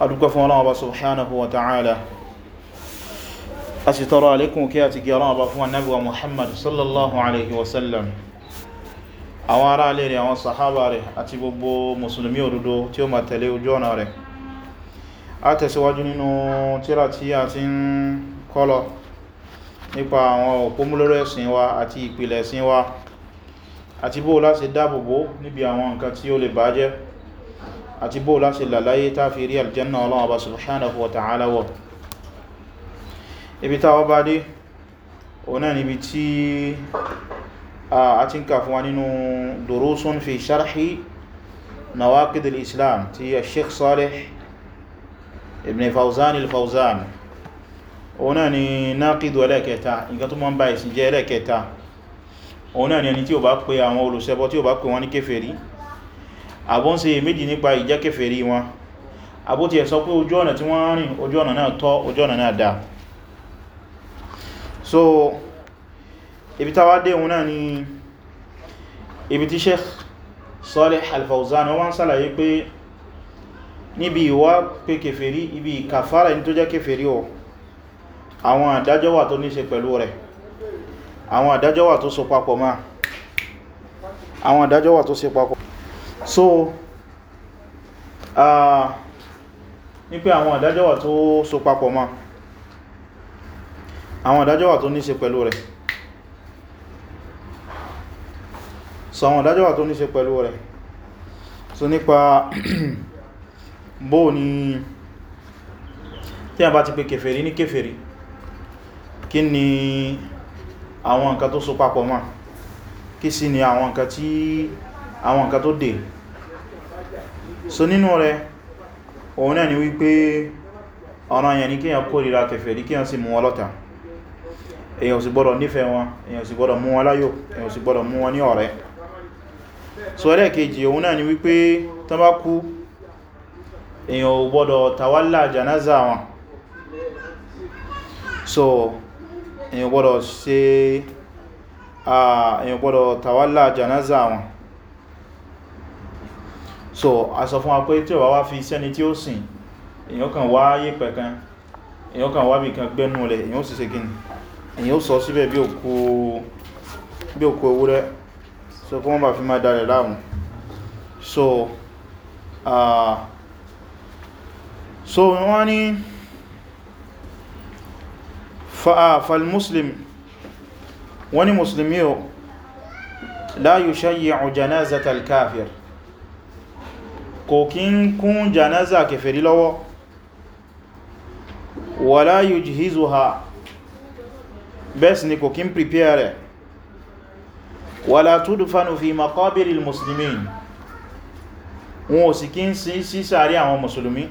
adúgbà fún Ọlọ́run Ọba subhanahu wa ta'ala a sì tọrọ alékún kí a ti gẹ̀rọ ọba fún annabi wa muhammad sallallahu alaihi wasallam àwọn ará alẹ́ rẹ̀ àwọn sahaba rẹ̀ àti gbogbo musulmi òdodo tí ó ma tẹ̀lé ojú ọ̀nà rẹ̀ a tẹ̀síwájú nínú tírà tí a ti ń kọ́lọ̀ nípa àwọn òpómúlérò ẹ̀sìn wa àti ìpìlẹ̀ ẹ̀sìn wa àti bóò láti dáàbòbò níbi àwọn nǹkan tí ó lè bàjẹ́ àti bó láṣe lalaye ta fi rí aljanna ọlọ́wọ́ bá subhanahu wa ta'ala wọ ibi táwọ́ bá dé ọ̀nà níbi tí a ti ń kà fún wa nínú durusun fi sharhi nawaqid al-islam ti a sheikh salih ibn fawzan al-fawzan ọ̀nà ni naqidu ẹlẹ́kẹta nǹkan tó mọ́ bá ìsìn jẹ́ ẹlẹ́kẹta ọ̀nà ni ẹni tí ó bá pe àwọn olùṣẹbọ tí ó bá pe wọn ní kèfèrí àbọ́n ṣe méjì nípa ìjẹ́kẹfẹ̀ẹ́rí wọn àbótí ẹ̀ sọ pé ojú ọ̀nà tí wọ́n rìn ojú ọ̀nà náà tọ́ ojú ọ̀nà náà dáa so ibi táwà dé òun náà ni ibi tí Sheikh Salih al wọ́n sàlàyé pé níbi ìwà pé kèfèrí ibi kàfàrà ní tó jẹ́ kèfèrí ọ àwọn àdájọ́ wà tó níṣe pẹ̀lú rẹ̀ àwọn àdájọ́ wà tó so papọ̀ so ah ní pé àwọn ìdájọ́ wà to so papọ̀ mọ́ àwọn ìdájọ́ wà tó ní ṣe pẹ̀lú rẹ̀ so àwọn ìdájọ́ wà tó ní ṣe pẹ̀lú rẹ̀ so nípa bó ní tí a bá ti pè kèfèrí ní kèfèrí kí ni àwọn nǹkan tó so papọ̀ mọ́ kí sí ni àwọn nǹkan tí àwọn nǹkan tó dè so nínú rẹ̀ òun náà ni wípé ọ̀ràn yẹn ni kíyàn kórìíra kèfèrí kíyàn sì mú wọn lọ́tà èyàn sì gbọ́dọ̀ nífẹ̀ẹ́ wọn èyàn sì gbọ́dọ̀ mú wọn láyò èyàn sì gbọ́dọ̀ mú wọn ní ọ̀rẹ́ so ẹlẹ́ẹ̀kejì òun náà ni wípé tán bá kú èyàn ò gbọ́dọ̀ tàwálà jànáza wọn so èyàn gbọ́dọ̀ ṣe èyàn gbọ́dọ̀ tàwálà jànáza wọn so a sọ fún wa pé tí ó bá wá fi sẹ́ni tí ó sìn èyàn kan wá yí pẹ̀kan èyàn kan wá bí kan gbẹ́nu rẹ̀ èyàn ó sì ṣe gini èyàn ó sọ síbẹ̀ bí òkú ewúrẹ́ so kí wọ́n fi máa darẹ̀ láàmú so uh, so wọ́n ni fa'al-muslim wani musulmi o la yushayi'u janazatal kafir kò kí ń kún janaza kèfèrí lọ́wọ́ wala yujhizuha bẹ́ẹ̀ sì ni kò kí ń prepare rẹ̀ wala tudfanu fi maqabiril muslimin wọn ò sì kí ń sí sàárì àwọn musulmi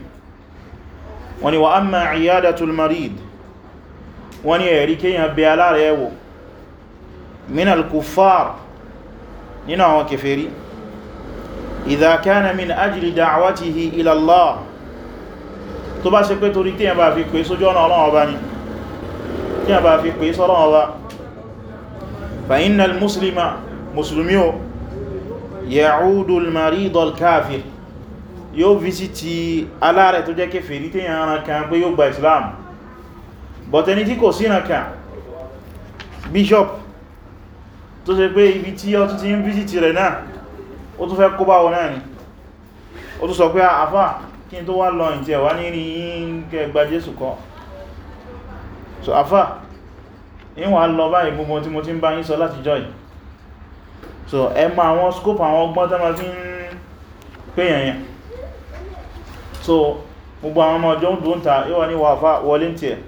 wọ́n ni wa amma iyadatul marid wọ́n ni ẹ̀rí kíyàn bí alára ẹwò minal kuffar nínú àwọn kèfèrí idha kana min ajli da'watihi ila Allah tó bá ṣe pé torí tí yẹn bá fi pè sójú ọ̀nà Ọlọ́run Ọba ni tí yẹn bá fi pè sọ́lọ́run Ọba fa innal muslima musulmi o ya'udu al-marid al-kafir yóò visiti aláàrẹ̀ tó jẹ́ kèfèrí tí yẹn ara ó tún fẹ́ kó bá wọn náà ó tún sọ pé ah, àfá kí n tó wá lọ ìtì ẹ̀wà ní rí kẹ Jésù kọ́ so àfá ìwọ̀n lọ báyìí gbogbo tí mo ti ń bá yín sọ láti jọ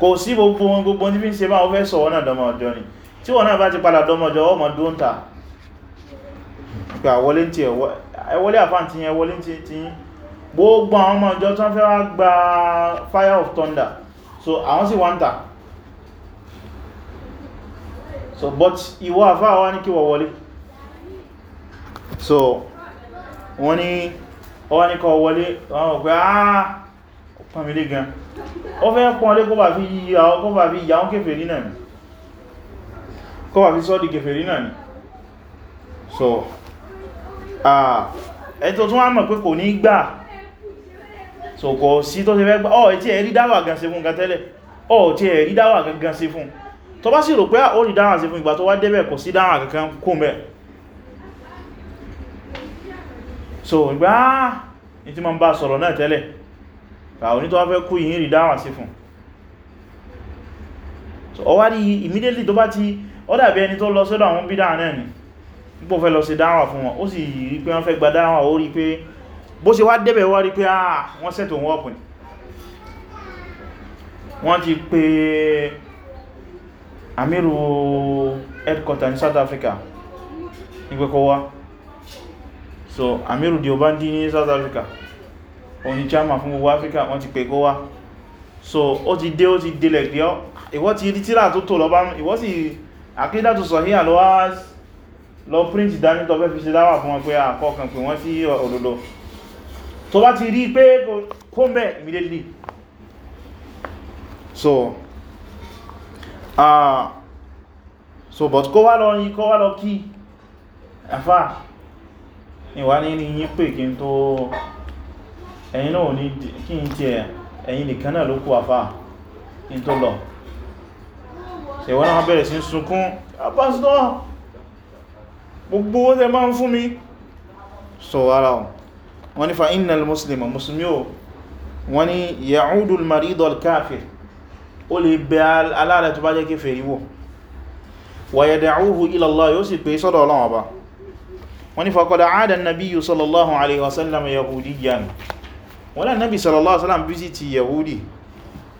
kò sí gbogbo gbogbo ní fi ń ṣe bá wọ́n fẹ́ sọ wọ́n náà dọmọ ọjọ́ ni tí wọ́n náà bá ti padà dọmọ ọjọ́ ọmọ dùn pé àwọlé tí ẹwọlé àfáà tí ẹwọlé tí tí gbogbo àwọn ọmọ ìjọ tán fẹ́ wá gba fire of thunder so àwọn sì wọ́n tà so but ìwọ àfáà wá ní kí wọ wọlé so wọ́n ní ọwá ní kọ wọlé wọ́n wọ́n pé àà ah, pàmílé gan ó fẹ́ pọ́nlé kó bà fi yíya kó bà fi yà ń kèfèrí náà ni kó bà fi sọ́dì kèfèrí náà ni so ẹni tó tún wá mọ̀ pé kò ní gbà so kò sí tó ṣe fẹ́ gbà ọ̀ tí ẹ̀rí dáwà gan ṣe fún gan tẹ́lẹ̀ ọ̀ tí ẹ̀rí dáwà gan ṣe fún tó bá sì rò pé ó rí dáwà ṣe fún ìgbà tó wá débẹ̀ kò sí dáwà kankan kún bẹ̀ so ìgbà ní tí ma ń bá sọ̀rọ̀ náà tẹ́lẹ̀ àwọn onítọ́ wá fẹ́ kú yìí rí dáwà ṣe fún so ọwá rí immediately tó bá ti ó dàbí ẹni tó lọ púpọ̀ fẹ́ lọ sí dáwà fún wọn ó sì rí pé wọ́n fẹ́ gba dáwà ó rí pé bó ṣe wá débẹ̀ wá rí pé àà ah, wọ́n sẹ́tò wọ́n ọ̀pìn wọ́n ti pè amiru headquarter ní South Africa ní pẹ́kọ́ wá so amiru Diobandi ní South Africa òní chairman fún gbogbo Africa wọ́n ti pè kó wá so ó ti dé ó ti délẹ̀ pé ìwọ ti rí tíra tó tó lọ bá ìwọ sì àkídà tó lọ print dání tó fẹ́ fi ṣe dáwà fún wọn pé àkọ́kàn ah, pé wọ́n sí òdodo tó bá ti rí pé kó mẹ́ immediately so ah uh, so but kó wá lọ yí kó wá lọ kí àfá ìwà ní ní yí pé kí n tó ẹ̀yin náà ní kí n tí ẹ̀ ẹ̀yin nìkan náà ló kú àfá kí n wọ́n náà bẹ̀rẹ̀ sí sunkún abáṣọ́ ah, gbogbo owó tẹ máa ń fún mi so ara wọn ni fa innal muslima musulmi o wọ́n ni ya'udu al-maridu al-kafir ó lè bẹ aláàrẹ tó bá jẹ́ kèfèrí wò wa yad'uhu ila Allah yóò sì pé sọ́dọ̀ Ọlọ́run Ọba wọ́n ni faqad 'ada an-nabiyyu sallallahu alaihi wasallam yahudiyyan wọ́n lá nabi sallallahu alaihi wasallam bí sí ti yahudi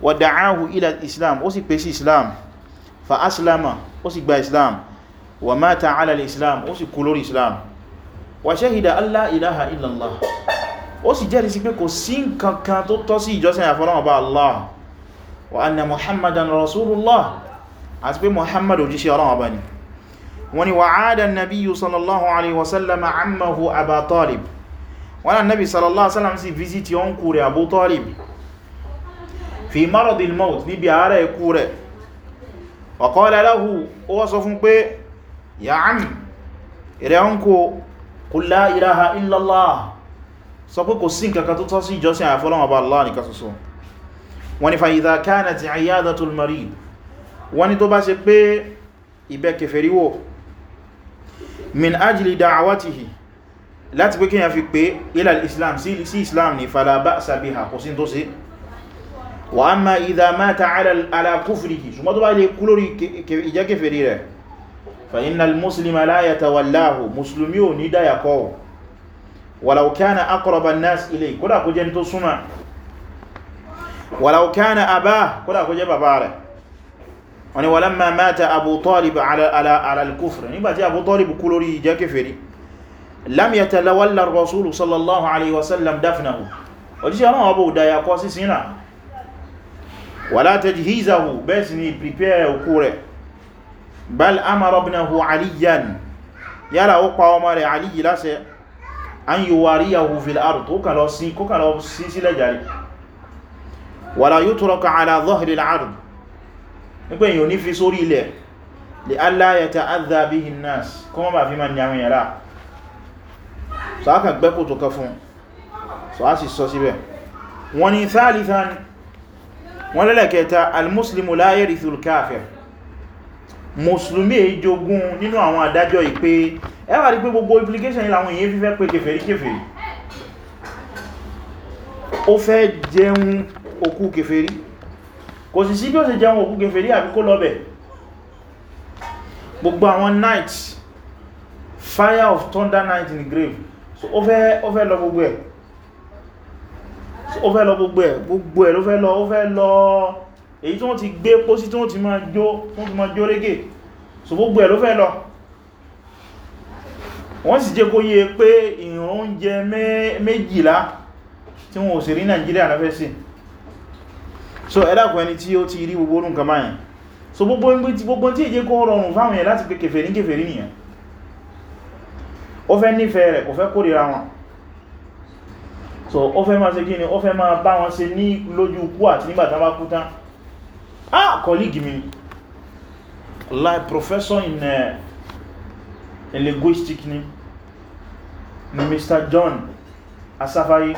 wa da'ahu ila al-islam ó sì pé wa mata ala al-islam ó sì kú lórí islam wa shahida an la ilaha illallah ó sì jẹ́rìí sí pé kò sí nǹkankan tó tọ́ sí ìjọsìn àfọ́lọ́wọ́ bá allah wa anna muhammadan rasulullah àti pé muhammad òjíṣẹ́ ọlọ́wọ́ bá ni wọ́n ni wa aada nabiyu sallallahu alaihi wasallam ammahu aba talib wọ́n na nabi sallallahu alaihi wasallam sí visiti on kúrẹ̀ abu talib fi maradil maut níbi àárẹ̀ kúrẹ̀ wa qala lahu ó wá sọ fún ya ami ìrẹ̀ ń kó qul la ilaha illallah sọ pé kò sí nǹkankan tó tọ́ sí ìjọsìn àyàfi Ọlọ́run Ọba Allah nìkan ṣoṣo wọ́n ni fa idha kanat iyadatul marid wọ́n ni tó bá ṣe pé ibẹ̀ kèfèríwò min ajli da'awatihi láti pé kíyàn fi pé ilal islam sí islam ni fala ba'sa biha kò sí tó sí wa amma idha mata ala kufrihi ṣùgbọ́n tó bá ilé kú lórí ìjẹ́kèfèrí rẹ̀ fa'innal muslim aláyàta wàláhù musulmi ò ní dáyàkọ́ walau kana aqraban nas ilay kódà kó jẹ́ tó súnmà walau kana abá kódà kó jẹ́ bàbá rẹ̀ wani walamma mata abu talib ala al-kufr nígbàtí abu talib kú lórí jẹ́ kèfèrí lam yatalawalla ar-rasul sallallahu alaihi wasallam dafnahu òjíṣẹ́ ọlọ́wọ́ bó dáyàkọ́ bal amara ibnahu aliyan yala ó pa ọmọ rẹ̀ aliyi láṣẹ an yuwariyahu fil ard ó kàn lọ sin kó kàn lọ sin sílẹ̀ jàre wala yutraka ala dhahri al-ard nípa èyàn ní fi sórí ilẹ̀ li alla yata'adha bihi an-nas kó má bàá fi ma ní àwọn yàrá mùsùlùmí èyí jogún nínú àwọn àdájọ́ ìpé ẹwà rí pé gbogbo implication ilẹ̀ àwọn èyí fífẹ́ pé kèfèrí kèfèrí ó fẹ́ jẹun òkú kèfèrí kò sì sí bí ó ṣe jẹun òkú kèfèrí àbí kó lọ́bẹ̀ gbogbo àwọn night fire of thunder night in the grave so ó fẹ́ ó fẹ́ lọ gbogbo ẹ̀ ó fẹ́ lọ gbogbo ẹ̀ gbogbo ló fẹ́ lọ ó fẹ́ lọ èyí tí wọ́n ti gbé pósí tí wọ́n ti máa jó wọ́n ti máa jó régè so gbogbo ẹ̀ ló fẹ́ lọ wọ́n sì jẹ́ kó yé e pé ìrìn oúnjẹ méjìlá tí wọ́n ò sì rí Nàìjíríà lọ́fẹ́ sí so ẹ̀dàkùn ẹni tí ó ti rí gbogbo orun kama yẹn so gbogbo tí èjẹ́ kó rọrùn fáwọn yẹn láti pé kèfèrí kèfèrí nìyẹn ó fẹ́ nífẹ̀ẹ́ rẹ̀ kò fẹ́ kórìíra wọn so ó fẹ́ máa ṣe kí ni ó fẹ́ máa bá wọn ṣe ní lójú kú àti nígbàtán bá kú tán ah colleague mi like professor in, uh, in linguistic ni Mr. John Asafaye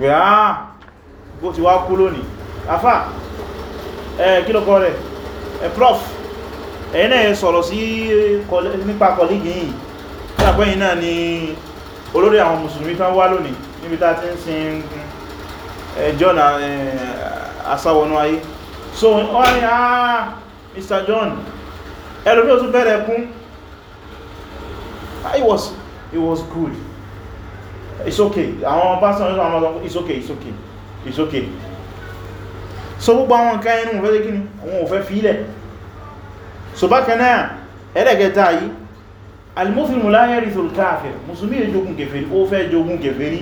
gbé ah bó ti wá kú lónìí afá ẹ kí ló kọ́ rẹ̀ ẹ prof ẹ̀yìn náà sọ̀rọ̀ sí nípa colleague yìí tí àpẹ́yìn náà ni olórí àwọn mùsùlùmí tán wá lónìí níbi tá ti ń sin eh, John eh, asáwọnú ayé so wọ́n ni Mr. John ẹlòmí o tún bẹ̀rẹ̀ kún ah, it was it was good it's okay àwọn ọba sọ àwọn it's okay it's okay it's okay so gbogbo àwọn nǹkan inú òfẹ́ kíni àwọn òfẹ́ fílẹ̀ so bákan náà ẹlẹ́gẹta yìí al-muslimu la yarithu al-kafir musulmi jogun kèfèrí ó fẹ́ jogun kèfèrí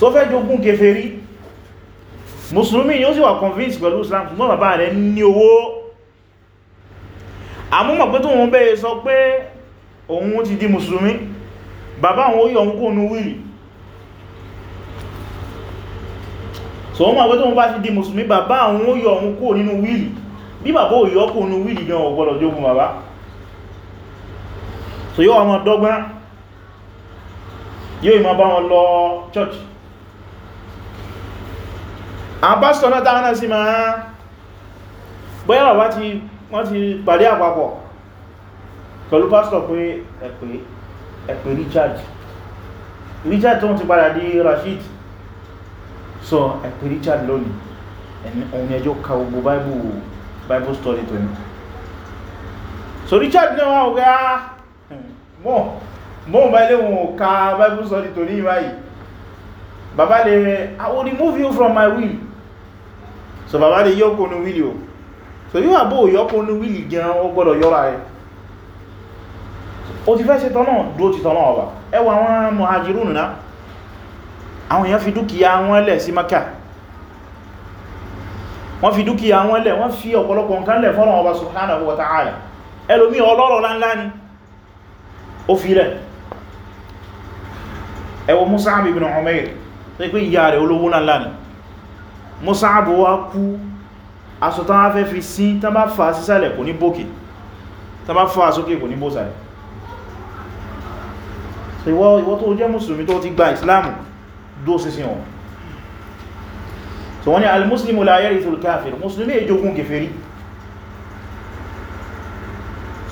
tó fẹ́ jogún kèfèrí mùsùlùmí yóò sì wà convince pẹ̀lú islam ṣùgbọ́n bàbá rẹ̀ ní owó àmúmọ̀ pé tó wọ́n bẹ́ẹ̀ sọ pé òun ti di mùsùlùmí bàbá àwọn oyè òun kóònú wílì so wọ́n mọ̀ pé tó wọ́n bá ti di mùsùlùmí bàbá àwọn oyè òun kó nínú wílì bí bàbá oyè kóònú wílì gan ò gbọ́dọ̀ jogún bàbá so yóò ọmọ dọ́gbọ́n yóò ìmọ̀ bá wọn lọ church àbásọ̀ náà tàà náà sí ma bóyá wà wọ́n ti pàdé àpapọ̀ pẹ̀lú pásítọ̀ pé ẹ̀pẹ̀ ẹ̀pẹ̀ Richard Richard tó ń ti padà di Rashid so ẹ̀pẹ̀ Richard lónìí ẹni ẹjọ́ ka gbogbo Bible story tó ní so Richard náà wọ́n gá mọ́ mọ́ bá ilé wọn ka Bible story tó ní ìmáyìí bàbá lè I will remove you from my will so bàbá lè yọ́pọ̀ ní wílì o so yíò àbò yọ́pọ̀ ní wílì gan o gbọ́dọ̀ yọ́ra rẹ̀ o ti fẹ́ ṣe tọ́nà dúó ti tọ́nà ọba ẹwà àwọn mọ̀hajirú nìna àwọn èèyàn fi dúkìá wọn lẹ̀ sí maka wọ́n fi dúkìá wọn lẹ̀ wọ́n fi ọ̀pọ̀lọpọ̀ nǹkan lẹ̀ fọ́nà ọba subhanahu wa ta'ala ẹlòmí ọlọ́rọ̀ láńlá ni ó fi lẹ̀ ẹwọ Mus'ab ibn Umair tó pé ìyá rẹ̀ olówó láńlá ni mọ́sáàbò wá kú aṣọ tán wá fẹ́ fi sín tán bá fà sísàlẹ̀ kò ní bókè tán bá fà sókè kò ní bósàlẹ̀ so ìwọ tó jẹ́ mùsùlùmí tó ti gba ìsìláàmù dó sísìn wọn so wọ́n ni al-muslimu la yarithu al-kafir mùsùlùmí è jogún kèfèrí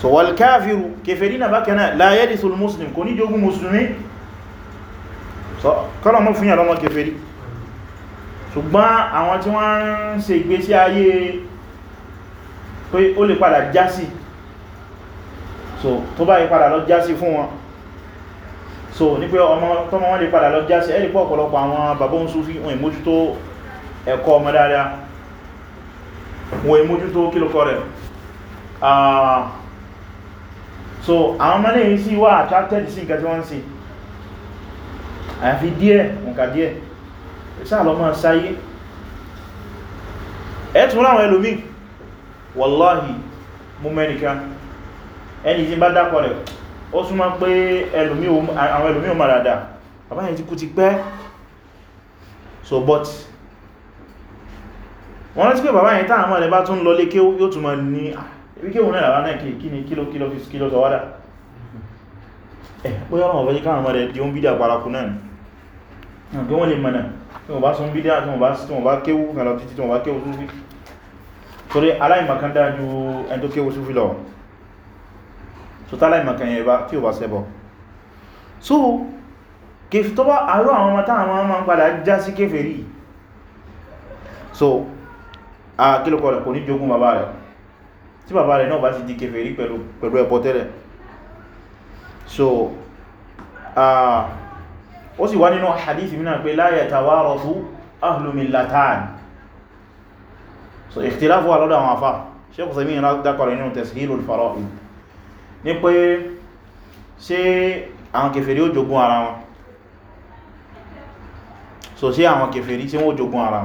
so wal kafiru kèfèrí na bákaná la yarithu al-muslim kò ní jogún mùsùlùmí so kọ́nà fún yàrá wọn kèfèrí ṣùgbọ́n àwọn tí wọ́n ń ṣe ìgbésí ayé pé ó lè padà jásí so tó bá yí padà lọ jásí fún wọn so ní pé ọmọ tọ́mọ wọn lè padà lọ jásí ẹ́rì pọ̀ ọ̀pọ̀lọpọ̀ àwọn bàbá ń súnfí wọn ìmójútó ẹ̀kọ́ ọmọ dáadáa wọn ìmójútó kílùkọ rẹ̀ so àwọn mọ́lẹ̀ yìí sí wà attracted sí nǹkan tí wọ́n ń sáà lọ máa sáyé ẹ̀tùn láwọn ẹlòmí wàláhì mú mẹ́nìká ẹni tí bá dákọ̀ rẹ̀ ó súnmọ́ pé àwọn ẹlòmí o máa rádá àbáyẹ̀ tí kú ti pẹ́ so but wọ́n rántí pé bàbá yẹn táà mọ́ ẹ̀lẹ́bá tún lọ lé kí ó túnmọ̀ ní ah, ibi kí òun náà rárá náà kí ní kílò kílò fi kílò sọwádà ẹ̀ eh, bóyá ọ̀rọ̀ tí wọ́n bá sọ bídá tí wọ́n bá kéwú kan lọ títí tí wọ́n bá kéwú súfí torí aláìmọ̀kan dájú ẹni tó kéwú súfí lọ so táláìmọ̀kan yẹ tí ó bá ṣẹbọ so kèfì tó bá àárọ̀ àwọn ọmọ táwọn ọmọ ń padà já sí kèfèrí so a kílùkọ̀ rẹ̀ kò ní jogún bàbá rẹ̀ tí bàbá rẹ̀ náà bá ti di kèfèrí pẹ̀lú ẹbọ tẹ́lẹ̀ so uh, ó sì wá nínú hadith mìíràn pé la yatawarathu ahlu millatayn so ikhtilafu wà lọ́dọ̀ àwọn afá Shaykh Uthaymeen dákọ̀rọ̀ nínú Tashilul Fara'id ní pé ṣé àwọn kèfèrí so ṣé àwọn kèfèrí tí wọ́n jogún ara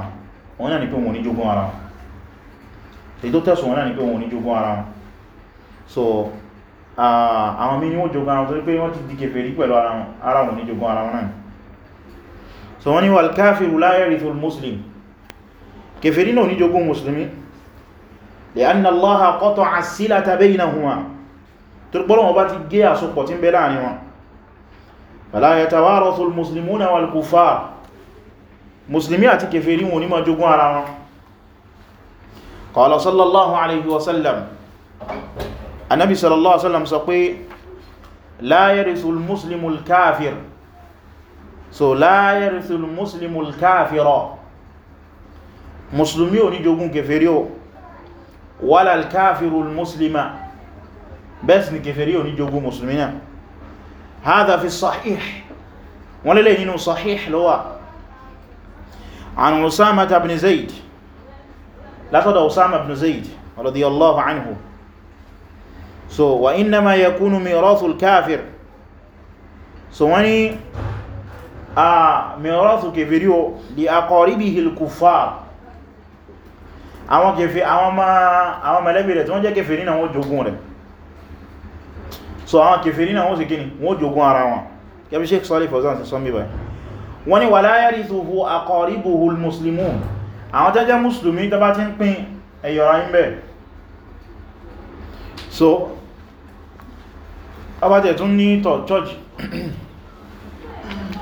wọn wọ́n náà ni pé wọ́n ní jogún ara wọn èyí tó tẹ̀sùn ní so àwọn mí ni wọ́n jogún ara wọn torí pé wọ́n ti di kèfèrí pẹ̀lú ara wọn ní jogún ara wọn náà so wọ́n ni wà káfíru la yarithu al-muslim kèfèrí náà ní jogún musulmi li'anna Allaha qata'a as-silata baynahuma torípọ́lọ̀ wọn bá ti gé àsopọ̀ tí ń bẹ láàrin wọn fala yatawarathu al-muslimuna wal-kuffar musulmi àti kèfèrí wọn ní ma jogún ara wọn qala sallallahu alaihi wasallam anabi sallallahu alaihi wasallam sọ pé la yarithu muslimu kafir so la yarithul muslimul kafira muslimi ò ní jogún kèfèrí o wala al-kafirul muslima bẹ́ẹ̀ ni kèfèrí ò ní jogún muslimi náà hadha fi sahih wọ́n lélẹ̀ nínú sahih lọ́wà an usama ibn zaid látọ́dọ̀ usama ibn zaid radiyallahu anhu so wa innama yakunu mirathul kafir so wani a mirasu kèfèrí o li aqaribihi al-kuffar àwọn kèfèrí àwọn mẹ́lẹ́bí rẹ̀ tí wọ́n jẹ́ kèfèrí náà wọ́n jogun rẹ̀ so àwọn kèfèrí náà wọ́n sì kíni wọ́n jogun ara wọn kẹbí Shaykh Saalih Fawzān sí sọ́mí báyìí wọ́n ni wala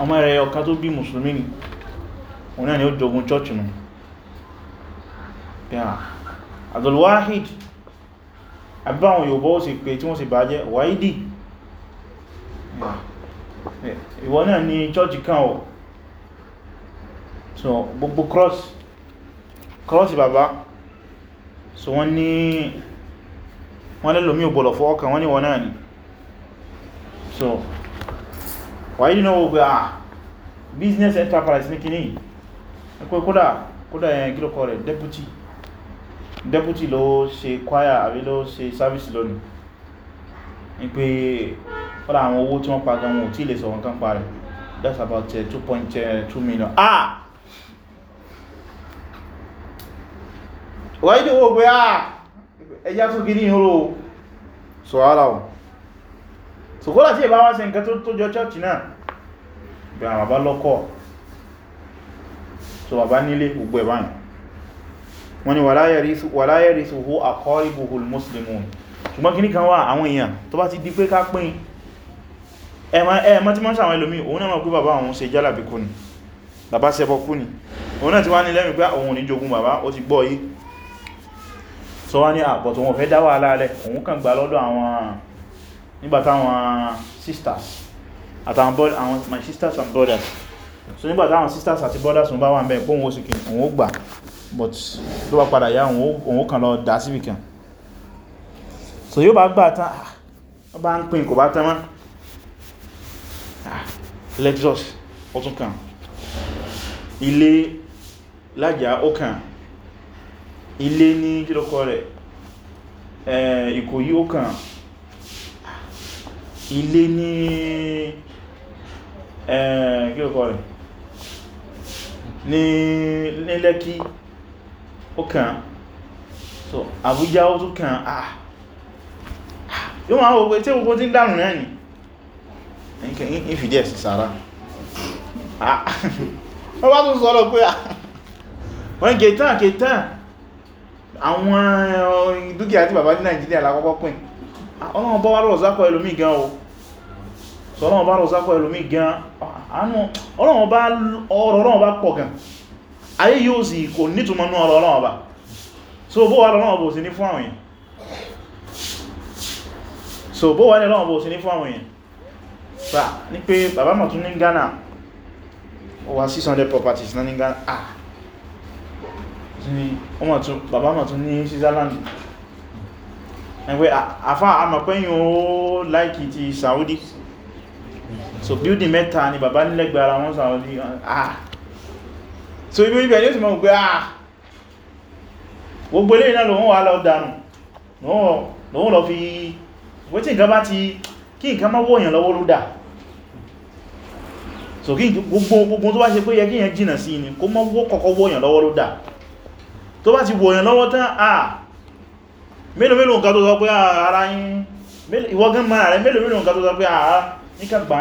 ọmọ ẹ̀rẹ̀ ọ̀ká tó bí mùsùlùmí ni òun náà ni ó jogun chọ́ọ̀chì nù Abdulwahid àbáwọn yóò bọ́ sí pé tí wọ́n sì bá jẹ́ wáìdì ìwọ náà ni chọ́ọ̀chì kan ọ̀ so gbogbo cross cross bàbá so wọ́n ní wọ́n lẹ́lòmí ò bọ̀lọ̀ fọ́ ọkàn wọ́n ní wọ́n náà ni so wàyí nínú ogun ah business enterprise ní kìíní ẹ̀kọ́ kódà kódà yẹn eh, kí rẹ̀ deputy deputy ló ṣe choir àbí ló ṣe service lónìí ní pé fọ́lá àwọn owó tí wọ́n pa gan wọn ò tí lè sọ wọn kan pa rẹ̀ that's about uh, eh, 2.2 eh, million ah wàyí nínú ogun ah ẹjá tó gidi ìhòrò sọ̀hálà ọ̀ so kó láti ìbáwá sí nǹkan tó jọ church náà bí àwọn bàbá lọ́kọ̀ so bàbá nílé gbogbo ẹ̀ báyìí wọ́n ni wala yarithuhu aqaribuhul muslimun ṣùgbọ́n kí ní kan wá àwọn èèyàn tó bá ti di pé ká pín ẹ̀mọ́ tí mọ́ sàwọn ẹlòmí òun náà ni bàbá ṣẹbọ ni òun náà ti wá ní lẹ́mìí pé òun ní jogún bàbá ó ti gbọ́ yìí so wá ní wọ́n fẹ́ dá wà òun kàn gbà lọ́dọ̀ àwọn nígbàtà àwọn sisters àtàwọn my sisters and brothers so nígbàtà àwọn sisters àti brothers wọ́n bá wà mẹ́ pọ́n wọ́n sì òun ó gbà but ló bá padà yá òun ó kàn lọ dá sí wìkan so yóò bá gbà tán ó ah, bá ń pín kò bá tán mọ́ ah, lexus ọtún kan ilé lájá ó kàn ilé ní kílọ́kọ́ rẹ̀ eh, ìkòyí ó kàn ilé ní eh, kíkọ́ rẹ̀ ní lẹ́kí ó kàn so Àbújá ó tún kàn ah, ah yíò máa wò pé tí gbogbo tí ń dànù náà ni ìfìdí ẹ̀sì sára wọ́n bá tún sọ́lọ pé ah, wọ́n kẹtàn kẹtàn àwọn eh, dúkìá tí bàbá ní Nàìjíríà lákọ́kọ́ pín ah, ọlọ́run bọ́wọ́ lọ́rọ̀ sákọ̀ ẹlòmí gan o so Ọlọ́run bá rọ̀sápọ̀ ẹlòmí gan Ọlọ́run bá ọ̀rọ̀ Ọlọ́run bá pọ̀ gan ayé yóò sì kò nítumọ̀ ní ọ̀rọ̀ Ọlọ́run bá so bó wà Ọlọ́run bó sí ní fún àwọn so bó wà ní bó sí ní fún àwọn èèyàn ní pé bàbá mọ̀ tún ní Ghana ó wà 600 properties ní Ghana bàbá mọ̀ tún ní Switzerland ẹgbẹ́ àfá àmọ̀pẹ́yìn ó láìkì ti Saudi so building mẹ́ta ni bàbá nílẹ̀gbẹ̀ ara wọn sàwọn ní ah so ibi ibẹ̀ yóò ti mọ̀ pé ah gbogbo eléyìí náà lòun wà lọ dànù lòun lọ fi wetin nǹkan bá ti kí nǹkan má wọ́yàn lọ́wọ́ ló dà so kí gbogbo tó bá ṣe pé yẹ kí yẹn jìnà sí ni kó mọ́ wó kọ́kọ́ wọ́yàn lọ́wọ́ ló dà tó bá ti wọ́yàn lọ́wọ́ tán ah mélòó mélòó nǹkan tó sọ pé ah, ara yín ìwọ́gán mara rẹ̀ mélòó mélòó nǹkan tó sọ pé ara ah, níkàgbà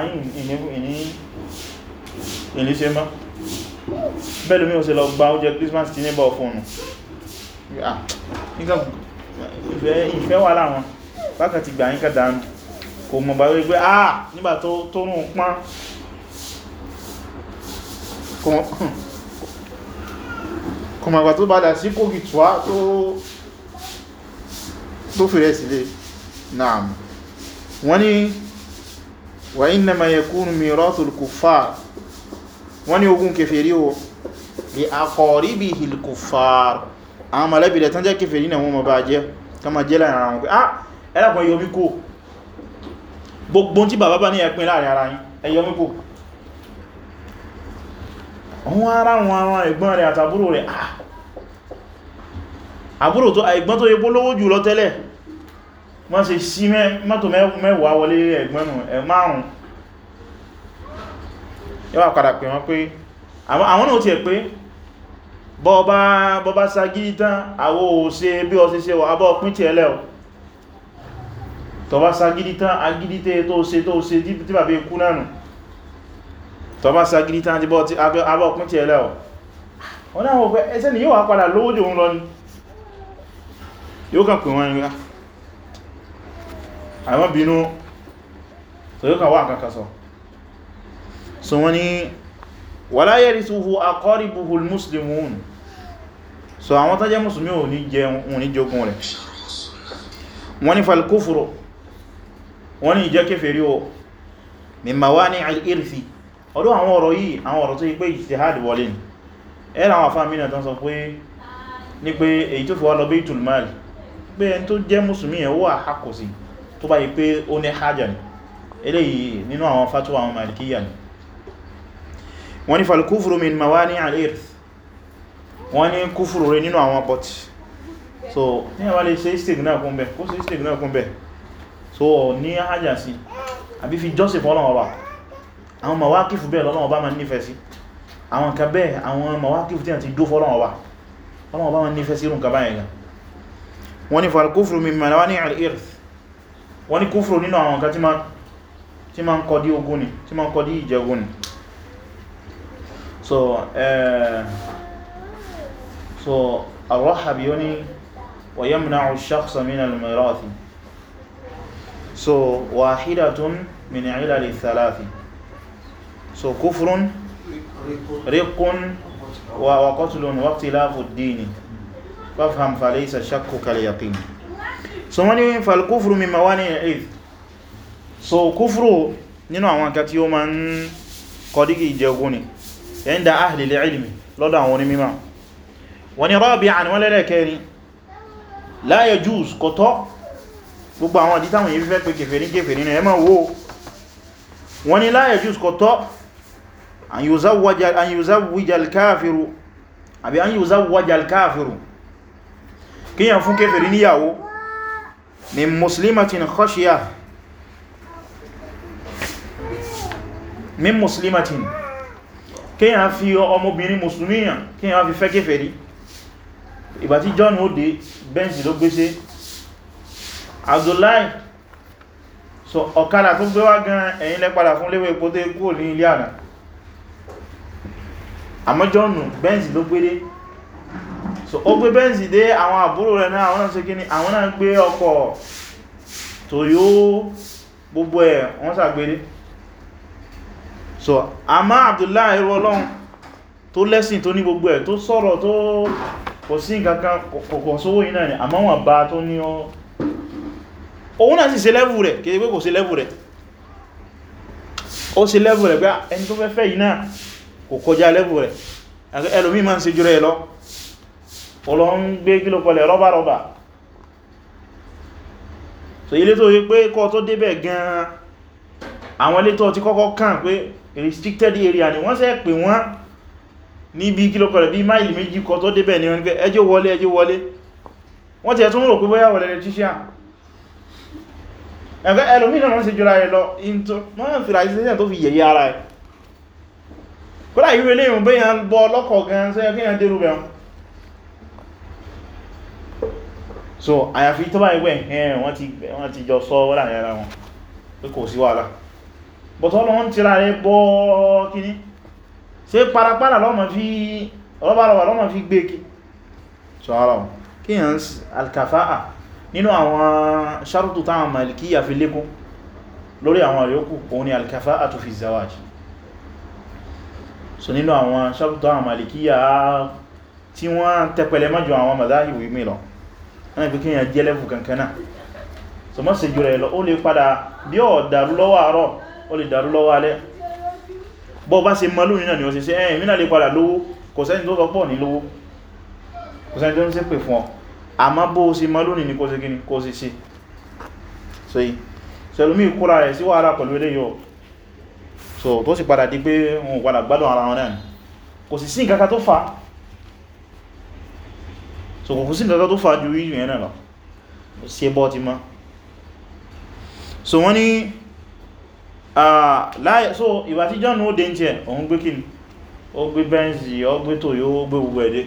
ìní ṣe mọ́ bẹ́ẹ̀lú mi ò se lọ gba oúnjẹ Christmas ti ní bọ́ fóònù ah, ìfẹ́ wà láwọn wákàtí gbà yínká dánù kò mọ̀ bá wé pé àà ah, nígbà tó rùn pán kò mọ̀ àgbà tó bádà sí kò gìtùwá tó fèrè sílé náà wọ́n ni wa innama yakunu mirathul kuffar wọ́n ní ogún kèfèrí o li aqaribihi al kuffar àwọn mọ̀lẹ́bí rẹ̀ tán jẹ́ kèfèrí náà wọ́n ma bá jẹ́ kama jẹ́ láàrin àwọn pé ah ẹlẹ́kùn ẹyọ míkò gbogbo tí bàbá bá ní ẹpin láàrin ara yín ẹyọ míkò wọ́n ara wọn àwọn ẹ̀gbọ́n rẹ̀ àtàbúrò rẹ̀ ah àbúrò tó ẹ̀gbọ́n tó yẹ polówó jù lọ tẹ́lẹ̀ wọ́n ṣe sí mọ́tò mẹ́wàá wọlé ẹgbẹ́nu ẹ̀márùn-ún yíwa padà pè wọ́n pé àwọn náà ti Boba pé bọ́ọ̀bá sagí o àwọ́ òṣe bí ọ sí ṣe abo abọ́ pín tí ẹlẹ́ tọba sagidi tán agidite tó ṣe tó ṣe tí bàbá ikú nánú tọba sagidi tán jíbọ́ tí abọ́ pín tí ẹlẹ́ wọ́n náà wọ́n pẹ́ ẹsẹ́ ni yíò wà padà lówódé òun lọ ni yóò kàn pè wọ́n yíò ah, àìmọ́ bínú so yóò kàwà àkàkàsọ so wọ́n ni wala yarithuhu aqaribuhu al-muslimun so àwọn tó jẹ́ musulmi ò ní jẹ òun ní jogun rẹ̀ wọ́n ni falkufuru wọ́n ni ìjẹ́ kéfèrí o min mawani' al-irthi ọdún àwọn ọ̀rọ̀ yìí àwọn ọ̀rọ̀ tó yí pé ijtihad wọlé ẹ̀rọ àwọn afá mìíràn tán sọ pé ní pé èyí tó fi wá lọ baytul mal pé ẹni tó jẹ́ musulmi ẹ̀ wà tó bá yí pé ó ní hajjá ni eléyìí nínú àwọn fatuwa àwọn malikiya ni wọ́n ní falkufuru min mawani al-irth wọ́n ní kúfùrù rẹ̀ nínú àwọn port so ní àwọn lè ṣe istig náà kún bẹ̀ so ní hajjá sí àbí fi jọ́sìn fún ọlọ́wọ́ àwọn mawakifu bẹ́ẹ̀ lọ́lọ́wọ́ bá ma nífẹ̀ẹ́ sí àwọn kan bẹ́ẹ̀ àwọn mawakifu tí a ti dó fọ́lọ́wọ́ bá ọlọ́wọ́ bá ma nífẹ̀ẹ́ sí irun kan gan wọ́n ní falkufuru min mawani al-irth wọ́n ní kúfùrù nínú àwọn nǹkan tí ma ń kọ dí ogun ni tí ma ń kọ dí ìjẹgun ni so eh so arọ́hàbí ó ní wa yamna'u ash-shakhsa min al-mirathi so wahidatun min ilal thalathi so kufrun riqqun wa qatlun wa ikhtilafu ad-dini fafham falaysa shakku kal yaqin so wọ́n ní falkufru min mawani al-'idh so kufru nínú àwọn nǹkan tí ó ma ń kọdígi ìjẹgun ni inda ahli al-'ilmi lọ́dọ̀ àwọn onímọ̀ wọ́n ní rabi'an wọ́n lẹ́lẹ́kẹ́ni la yajuz kọtọ́ gbogbo àwọn àdí táwọn yìí fẹ́ pé kèfèrí kèfèrí ní ẹmọ wo wọ́n ní la yajuz kọtọ́ an yuzawwija al-kafiru àbí an yuzawwija al kíyàn fún kèfèrí níyàwó min muslimatin khashiya min muslimatin kíyàn fi ọmọbìnrin musulmi yàn kíyàn fi fẹ́ kéfèrí ìgbà tí john ó dé bẹ́ǹsì ló gbéṣẹ́ abdullahi so ọ̀kadà tó gbé wá gan ẹ̀yìn lẹ́padà fún léwé epo tó kúrò ní ilé àrà àmọ́ john bẹ́ǹsì ló gbéṣẹ́ so ó gbé bẹ́ǹsì dé àwọn àbúrò rẹ̀ náà àwọn náà ṣe kíní àwọn náà gbé ọkọ̀ tó gbogbo ẹ̀ wọ́n sàgbélé so àmá Abdullahi ẹrù ọlọ́run tó lẹ́sìn tó ní gbogbo ẹ̀ tó sọ̀rọ̀ tó kò sí nǹkankan kò sówó iná ni àmá wọn bá tó ní ọ òun náà sì ṣe lẹ́bù rẹ̀ kìí pé kò ṣe lẹ́bù rẹ̀ ó ṣe lẹ́bù rẹ̀ pé ah, ẹni tó fẹ́ fẹ́ yìí náà kò kọjá lẹ́bù rẹ̀ ẹlòmí máa ń ṣe jùrẹ́ lọ olóhun gbé kí ló pọlẹ̀ rọ́bàrọ́bà so ilé tó rí kọ́ tó débẹ̀ gan àwọn ilé tó ti kọ́kọ́ kàn pé restricted area ni wọ́n ṣe pè wọ́n níbi kí ló pọlẹ̀ bí máìlì méjì kọ́ tó débẹ̀ ni wọ́n pé ẹjọ́ wọlé ẹjọ́ wọlé so àyàfi tó bá ẹgbẹ́ ẹ̀hẹ̀n wọ́n ti jọ sọ wọ́lá àyàrá wọn kò sí wàhálà but ọlọ́wọ́n ti ra rẹ bọ́ kíní ṣe parapara lọ́mọ fi gbé kí so ara wọn kí yàn alkafa'a nínú àwọn ṣarútù táwọn malikiya fi lékún lórí àwọn àríókù òun ni alkafa'a tó fi zawaj so nínú àwọn ṣarútù táwọn malikiya tí wọ́n tẹpẹlẹ mọ́jọ àwọn madáhìwì mìíràn ẹni pé kíyàn jẹ́ lẹ́fù kankaná so mọ́ sí jù rẹ̀ lọ ó lè padà bí ó dàrú lọ́wọ́ àárọ̀ ó lè dàrú lọ́wọ́ alẹ́ bọ́ bá ṣe mọ́ lónìí náà ni ó sì sí ẹ̀yìn mínà lè padà lówó kò sẹ́ni tó sọpọ̀ ní lówó kò sẹ́ni ni kò sí gíní kò sí sí so yìí so so tó sì padà di pé wọn padà gbádùn ara wọn náà so kò sí nǹkan tó fà ju yíyù yẹn lọ sí ẹbọ́ ti má so wọ́n ni so ìwà tí John ó dé ń òun gbé kí ni ó gbé Benz ó gbé Toyo ó gbé gbogbo ẹ̀dẹ́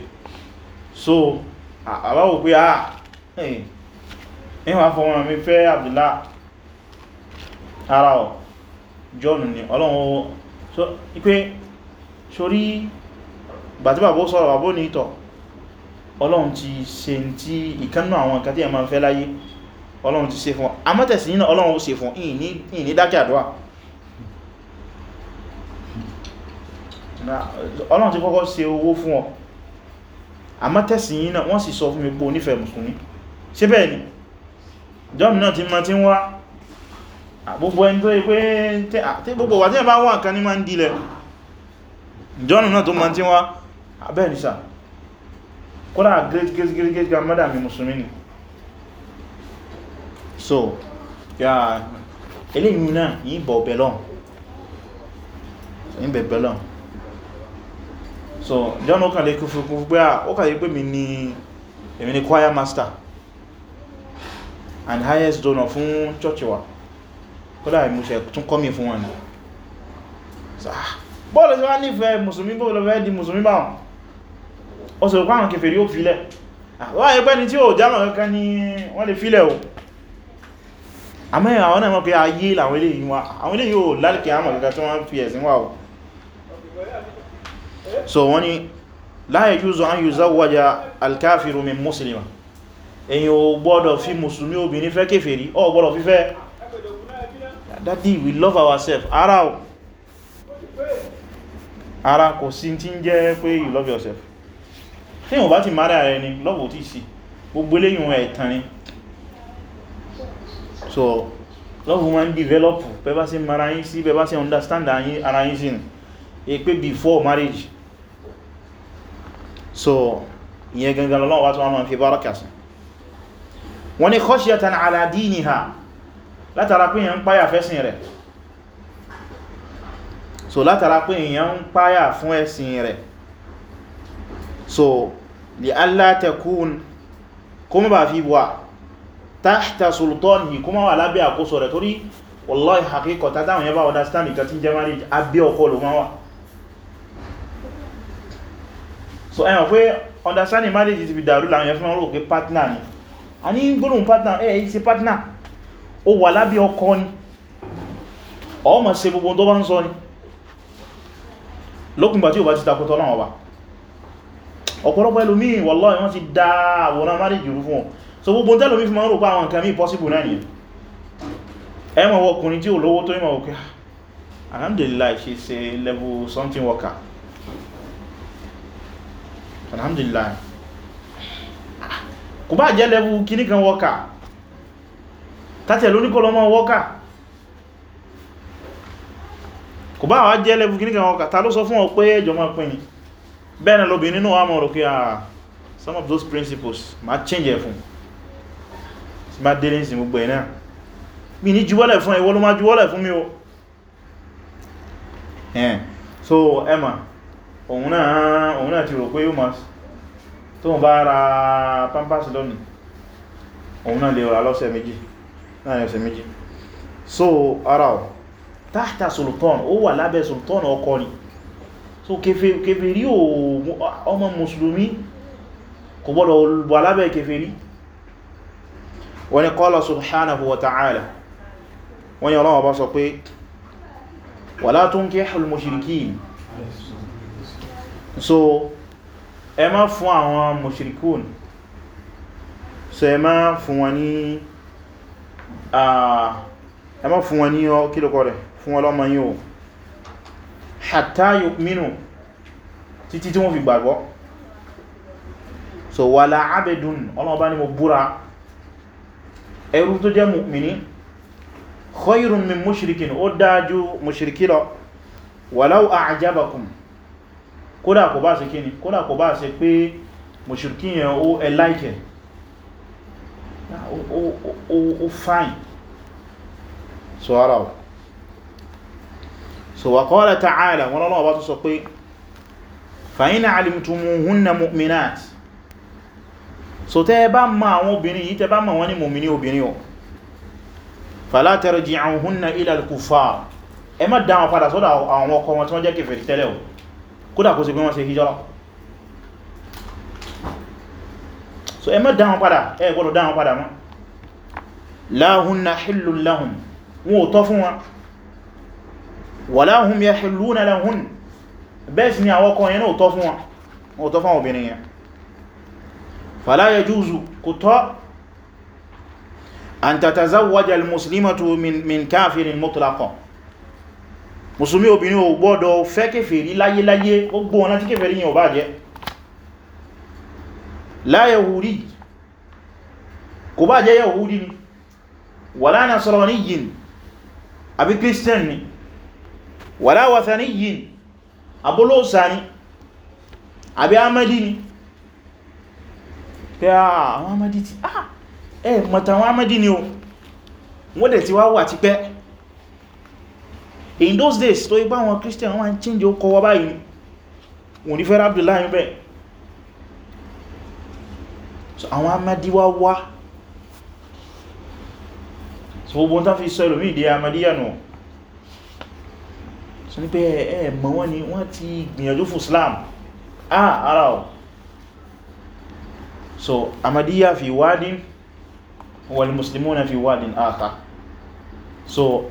gbàtí bàbó sọ̀rọ̀ bàbó ní ìtọ̀ ọlọ́run ti ṣe tí ìkánnà àwọn nǹkan tí ẹ máa ń fẹ́ láyé ọlọ́run ti ṣe fún àmọ́tẹ̀sí nínú ọlọ́run ó ṣe fún ìní dákẹ́ àdúwà ọlọ́run ti kọ́kọ́ ṣe owó fún ọ àmọ́tẹ̀sí yínà wọ́n sì sọ fún mi pé onífẹ̀ẹ́ mùsùlùmí ṣe bẹ́ẹ̀ ni jọ́mì náà ti ma ti ń wá gbogbo ẹni tó yí pé tí gbogbo wà tí ẹ bá wà kan ní ma ń dilẹ̀ jọ́nù náà tó ma ti ń wá abẹ́ẹ̀nìṣà kódà great great great great grandmother mi musulmi ni so ya eléyìí náà yìí bọ̀ belong yìí bẹ̀ so john okan lè kúfù kúfù pé ó kàyé pé mi ni èmi ni choir master and highest donor fún church wa kódà ìmúṣẹ̀ tún kọ́ mi fún wọn ni ah, bọ́ọ̀lù tí wá nífẹ̀ẹ́ musulmi bọ́ọ̀lù di musulmi báwọn ó sọ pàwọn kèfèrí ó filẹ̀ wọ́n àyẹ́pẹ́ ni tí ó jámọ̀ kankan ni wọ́n lè filẹ̀ o àmẹ́ àwọn náà mọ̀ pé ayé làwọn ilé yìí wá àwọn ilé yóò lálìkẹ́ àmọ̀ kankan tí wọ́n fi ẹ̀sìn wà o so wọ́n ni la yajuzu an yuzawwaja alkafiru min muslima ẹ̀yin ò gbọ́dọ̀ fi musulmi obìnrin fẹ́ kéfèrí ọ gbọ́dọ̀ fífẹ́ daddy we love ourselves ara o ara kò sí tí ń jẹ́ pé you love yourself tí yíò bá ti mara rẹ ni lọ́wọ́ tí sí gbogbo eléyìn wọn ẹ̀tàn so lọ́wọ́ ma ń develop bẹba sí mara yín sí bẹba sí understand ara yín sí ni pé before marriage so ìyẹn gangan lọ́wọ́ wá tí wọ́n ma fi bára kàsí wọ́n ni khashyatan ala diniha látara pé èyàn ń páyà fẹ́sìn rẹ̀ so látara pé èyàn ń páyà fún ẹ̀sìn rẹ̀ so li'alla takun kuma ba fi wa tahta sultanihi kuma wà lábẹ́ àkóso rẹ̀ torí wallahi hakiko ta dáwọn yẹba understand nǹkan tí jẹ́ marriage abẹ́ ọkọ ló máa wà so ẹ̀yàn pé understanding marriage is fi dàrú láwọn yẹn fún ọrọ̀ pé partner ni eh, a ní partner ẹ̀ ṣe partner ó wà lábẹ́ ọkọ ni ọmọ ṣe gbogbo tó bá ń sọ ni lókùngbà tí ò bá ti takọtọ́ náà ọ̀pọ̀lọpọ̀ ẹlòmíì wallahi wọ́n ti dá àwòrán marriage rú fún ọ so gbogbo tẹ́lòmí fi máa ń rò pa àwọn nǹkan míì possible náà nìyẹn ẹmọ̀ ọkùnrin tí ò lówó tó ìmọ̀ òkè ah, alhamdulillah ṣe ṣe level something worker alhamdulillah ah, kò bá jẹ́ level kíní kan worker tàtẹ̀ lóníkọlọmọ worker kò bá wá jẹ́ level kíní kan worker ta ló sọ fún ọ pé ẹjọ máa pín ni bẹ́ẹ̀nà lóbìnrin náà wọ́n rọ̀ kí à some of those principles ma change ẹ̀ fún sí ma délé sí gbogbo ẹ̀ náà mi ní juwọ́lẹ̀ fún ìwọ ló ma juwọ́lẹ̀ fún mi o ẹn so Emma òun náà òun náà ti rò pé yóò ma tó ń bá ara pampers lónìí òun náà lè rà lọ́sẹ̀ méjì láàrin ọ̀sẹ̀ méjì so ara ọ̀ tahta sultan ó wà lábẹ́ sultan ọkọ ni so kèfèrí ọmọ musulmi kò gbọ́dọ̀ wà lábẹ́ kèfèrí wọ́n ni qala subhanahu wa ta'ala wọ́n ni ọlọ́wọ́ bá sọ pé wala tunkihul mushrikin so ẹ má fún àwọn mushrikun so ẹ má fún wọn ní ẹ má fún wọn ní ọ kílùkọ rẹ̀ fún ọlọ́mọ yíò hatta yu'minu títí tí wọ́n fi gbàgbọ́ so wala abdun ọlọ́ọ̀bá ni mo búra ẹrú tó jẹ́ mu'mini khayrun min mushrikin ó dájú mushriki lọ walau a'jabakum kódà kò bá ṣe kíni kódà kò bá ṣe pé mushriki yẹn ó ẹláìkẹ̀ ó fáìn so ara so wa qala ta'ala wọn lọ́nà ọba tó sọ pé fa in alimtumuhunna mu'minat so tẹ́ bá ma àwọn obìnrin yìí tẹ́ bá ma wọ́n ní mu'mini obìnrin o fala tarji'uhunna ila al-kuffar ẹ má dáwọn padà sọ́dọ̀ àwọn ọkọ wọn tí wọ́n jẹ́ kèfèrí tẹ́lẹ̀ o kódà kó ẹ má dáwọn padà ẹ gbọ́dọ̀ dáwọn wọn ò wala hum yahilluna lahun bẹ́ẹ̀ sì ni àwọn ọkọ yẹn náà tọ́ fún wọn ó tọ́ fún obìnrin yẹn fala yajuzu kò tọ́ an tatazawwaja al-muslimatu min kafirin mutlaqan musulmi obìnrin ò gbọ́dọ̀ fẹ́ kèfèrí láyéláyé gbogbo ọ̀nà tí kèfèrí wala wathaniyin abúlóòsà ni àbí amadi ni pé ah, àwọn amadi ti ah ẹ mọ̀tàwọn amadi ni o wọ́n dẹ̀ ti wá wà ti pẹ́ in those days tó ipá àwọn christian wọ́n ń change ó kọwọ́ báyìí wọ́n ní fẹ́rẹ́ abdullahi bẹ́ so àwọn amadiwa wá so gbogbo tán fi sọ ìlòmí ìdí amadiyanu no so ní pé ẹ mọ̀ wọ́n ni wọ́n ti gbìyànjú fún Islam ah ara ọ̀ so Ahmadiyya fi wádín wal muslimuna fi wádín akhar so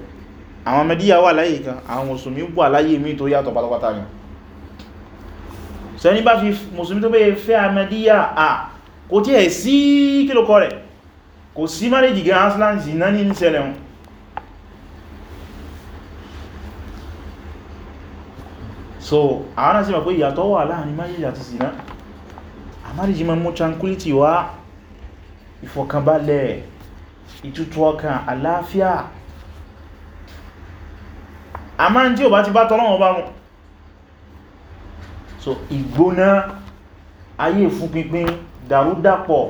àwọn Ahmadiyya wà láyé kan àwọn mùsùlùmí wà láyé mí tó yàtọ̀ pátápátá ni so ẹni bá fi mùsùlùmí tó bẹ́ẹ̀ fẹ́ Ahmadiyya à kò tí ẹ̀ sí kílòkọ rẹ̀ kò sí marriage grand slant ìnáni ń ṣẹlẹ̀ wọn so àwọn náà sí mọ̀ pé ìyàtọ̀ wà láàrin marriage àti zina a marriage ma mú tranquility wá ìfọ̀kànbalẹ̀ ìtútù ọkàn àlàáfíà a máa ń tí ò bá ti bá tọ́lọ́wọ́ bá mú so ìgbóná ayé fún pínpín dàrúdàpọ̀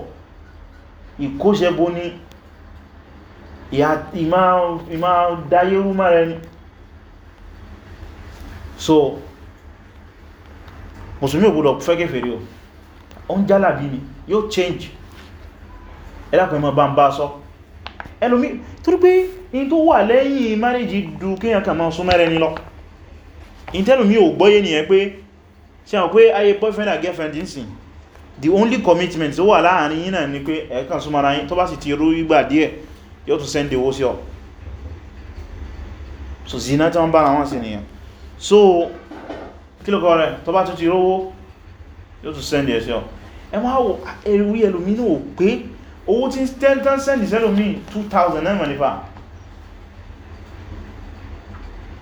ìkóṣẹbó ní ìmá dáyérú mara ẹni so mùsùlùmí ò gbọdọ̀ fẹ́ kèfèrí o ó ń jálàbí ni yóò change ẹlápẹ́ mọ́ bá ń bá sọ ẹlòmí torí pé in tó wà lẹ́yìn marriage dù kíyàn kà máa súnmẹ́rẹ́ ní lọ in tẹ́lùmí ò gbọ́yé nìyẹn pé ṣe àwọn pé ayé boyfriend and girlfriend ń sìn the only commitment tó wà láàrin yín náà ni pé ẹ̀kan súnmọ́ra yín tó bá sì ti rú ìgbà díẹ̀ yóò tún send the sí so zina tí wọ́n bá ra wọn so kílùkọ́ rẹ̀ tó bá tún ti rówó yóò tún sẹ́ndì ẹ̀ṣẹ́ ọ̀ ẹ máa wọ ẹ̀rùwí ẹlòmí náà pé owó tí tẹ́ntán sẹ́ndì sẹ́lòmí 2000 náà nípa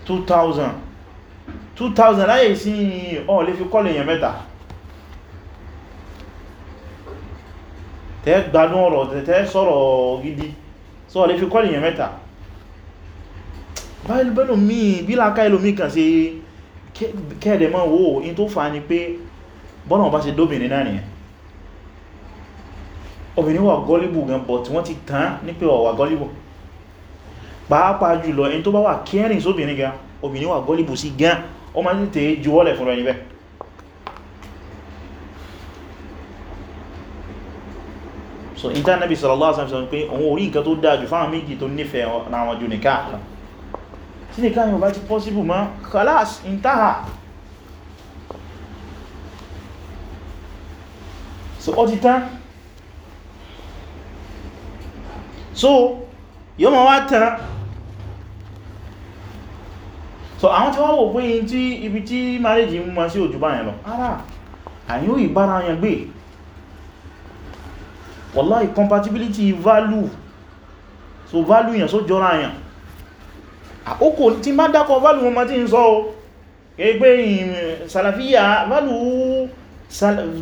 2000 2000 láyé sí ọ̀ lè fi kọ́lẹ̀ èèyàn mẹ́ta tẹ́ gbádùn ọ̀rọ̀ tẹ́ sọ̀rọ̀ gidi sọ́ lè fi kọ́lẹ̀ èèyàn mẹ́ta báyìí bẹ́lòmí bí láká ẹlòmí kan sí kẹ́ẹ̀dẹ̀ mọ́ wo in tó fa ni pé bọ́nà bá ṣe dóbìnrin náà nìyẹn obìnrin wà gọ́líbù gan bọ̀ tí wọ́n ti tán ní pé ọ̀wà gọ́líbù pàápàá jùlọ in tó bá wà kẹ́rin sóbìnrin gan obìnrin wà gọ́líbù sí gan ó máa ń juwọ́lẹ̀ fún rẹ̀ níbẹ̀ so in Nabi sallallahu alaihi wasallam pé òun orí nǹkan tó dáa jù fáwọn méjì tó nífẹ̀ẹ́ àwọn tí nìkan yóò bá ti possible ma khalas intaha so ó ti tán so yóò ma wá tán so àwọn tí wọ́n wò pé yìí tí ibi tí marriage mú ma sí òjú báyẹn lọ ara àyíò ìbára yẹn gbé wallahi compatibility value so value yẹn so jọra yẹn àkókò tí má dákọ̀ válù wọn ma ti ń sọ o ẹgbẹ́ sàlàfíyà